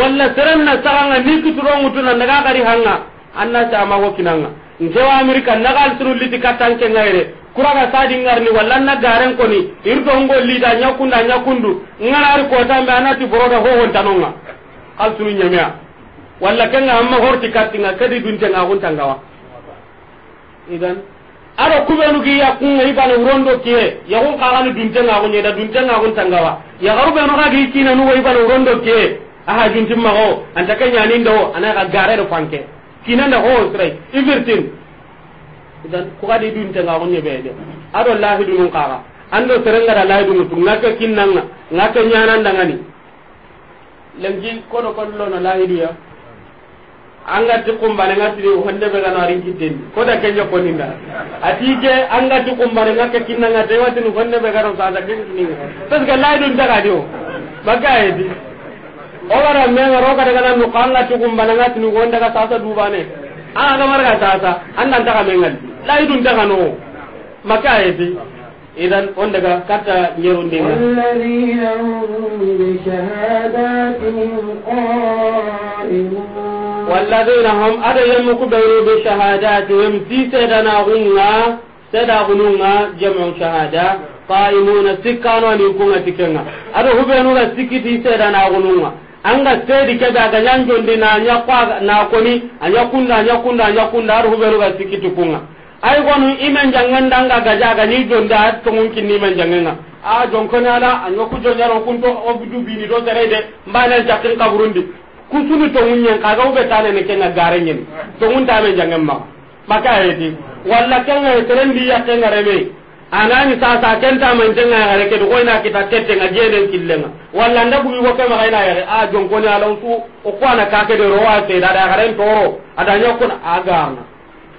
walla serenna saxanga ni kiturongutuna daga gari hanga anna nanga nje wa amerika nagal sunulliti kattankengaire kuraga sadi ngarni walla na garen koni irdo ngolli da nyakundu nyakundu ngarari ko tambe anati boroda ho tanonga. kalsunu nyamea walla kenga amma horti nga kadi duntenga tangawa idan ado kubenu ki ya kunga ibana urondo kiye ya kun kagani duntenga kunyeda duntenga tangawa ya garubenu gi kina nuwa ibana urondo kiye aha juntin mago anta kenya ninda ho ka gare do panke na ho sray ivirtin idan ko kadi duntenga kunyebe de ado lahi dunun kaga ando serenga lahi dunun tunaka ke nga ngake nyananda ngani kono kono lono lewji kodo kollono lahiduya angati kumbane ngatiri honde ɓe gano arin kittendi koda kenja koninda ati ke angati kumbane ngake kinnangate watini honde ɓe gano sasa kekitiniga parce que lahidun tagadi o bakka ayeti ogara menga roka daga nan nuka nga kumbane ngatini hondaga sasa dubane aa gamarga sasa andan taga mengal lahidun daga no makka ayeti idan on daga katta nyeronde ma alladhina hum bi shahadatihim qaimun walladhina hum adayamu kubayru bi shahadatihim ti sedana gunga seda gununga jamu shahada qaimuna sikkano ni kunga tikenga ado hubenu ga sikiti sedana gununga anga sedi ke daga ga nyanjondi na nyakwa na koni anyakunda anyakunda anyakunda ado hubenu ga sikiti kunga ay gonu imen jangen danga gaja ga ni jonda tongun kin imen jangenga a jonkoni ala anyo ku jonya ro kun to obudu bini do tere de mbana jakin kaburundi kusunu tongun nyen kaga ube tane ne kenga garenyen tongun ta men jangen ma maka yedi walla kenga yetrendi ya kenga reme anani sasa kenta man jenga yare ke do koina kita tete nga jeden killenga walla ndabu yugo ke ma ina yare a jonkoni ala su o kwana ka ke de ro wa te da da garen toro adanya kun agama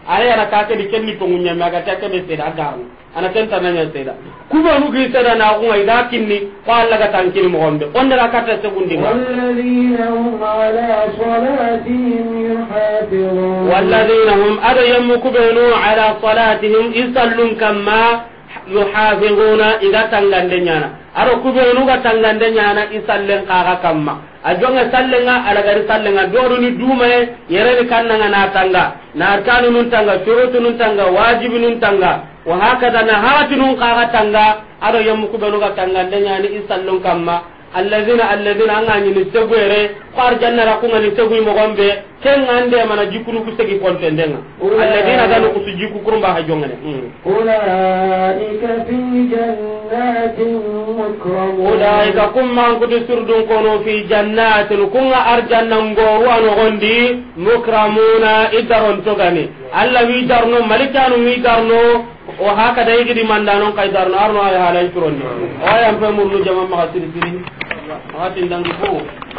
ara yana ka ke diken ni tungun nya maga ta ke beseda garu ana na tananya seda kuma nu gi seda na ko ai dakin ni ko Allah ga tankin mo gombe on dara ka ta segundi ma walladina hum ala salatihim yuhafizun walladina hum adayam kubenu ala salatihim isallun kama yuhafizuna iga tangande nyana aro kubenu ga tangande nyana isallen kaga kamma ajonga sallenga alagari sallenga doru ni dumaye yere ni kannanga na tanga na tanu nun tanga shurutu nun tanga wajibi nun tanga wa hakada na hatinun kaga tanga aro yemu kubenu ga tangande nyani isallon kamma allazina allazina anga ni segwere par janna ra kunga ni tegu mo gombe ken ande mana jikunu ku segi konten denga alladina danu ku jiku kurumba ha jongane hmm. ulaika fi jannatin mukramun ulaika kum man ku surdun kono fi jannatin kunga arjanna ngoru ano gondi mukramuna idaron togani alla wi darno malikanu wi darno o haka dai gidi mandanon kay darno arno ay halan turonni o hmm. yam pe murnu jama ma sirri sirri hatin dangi ko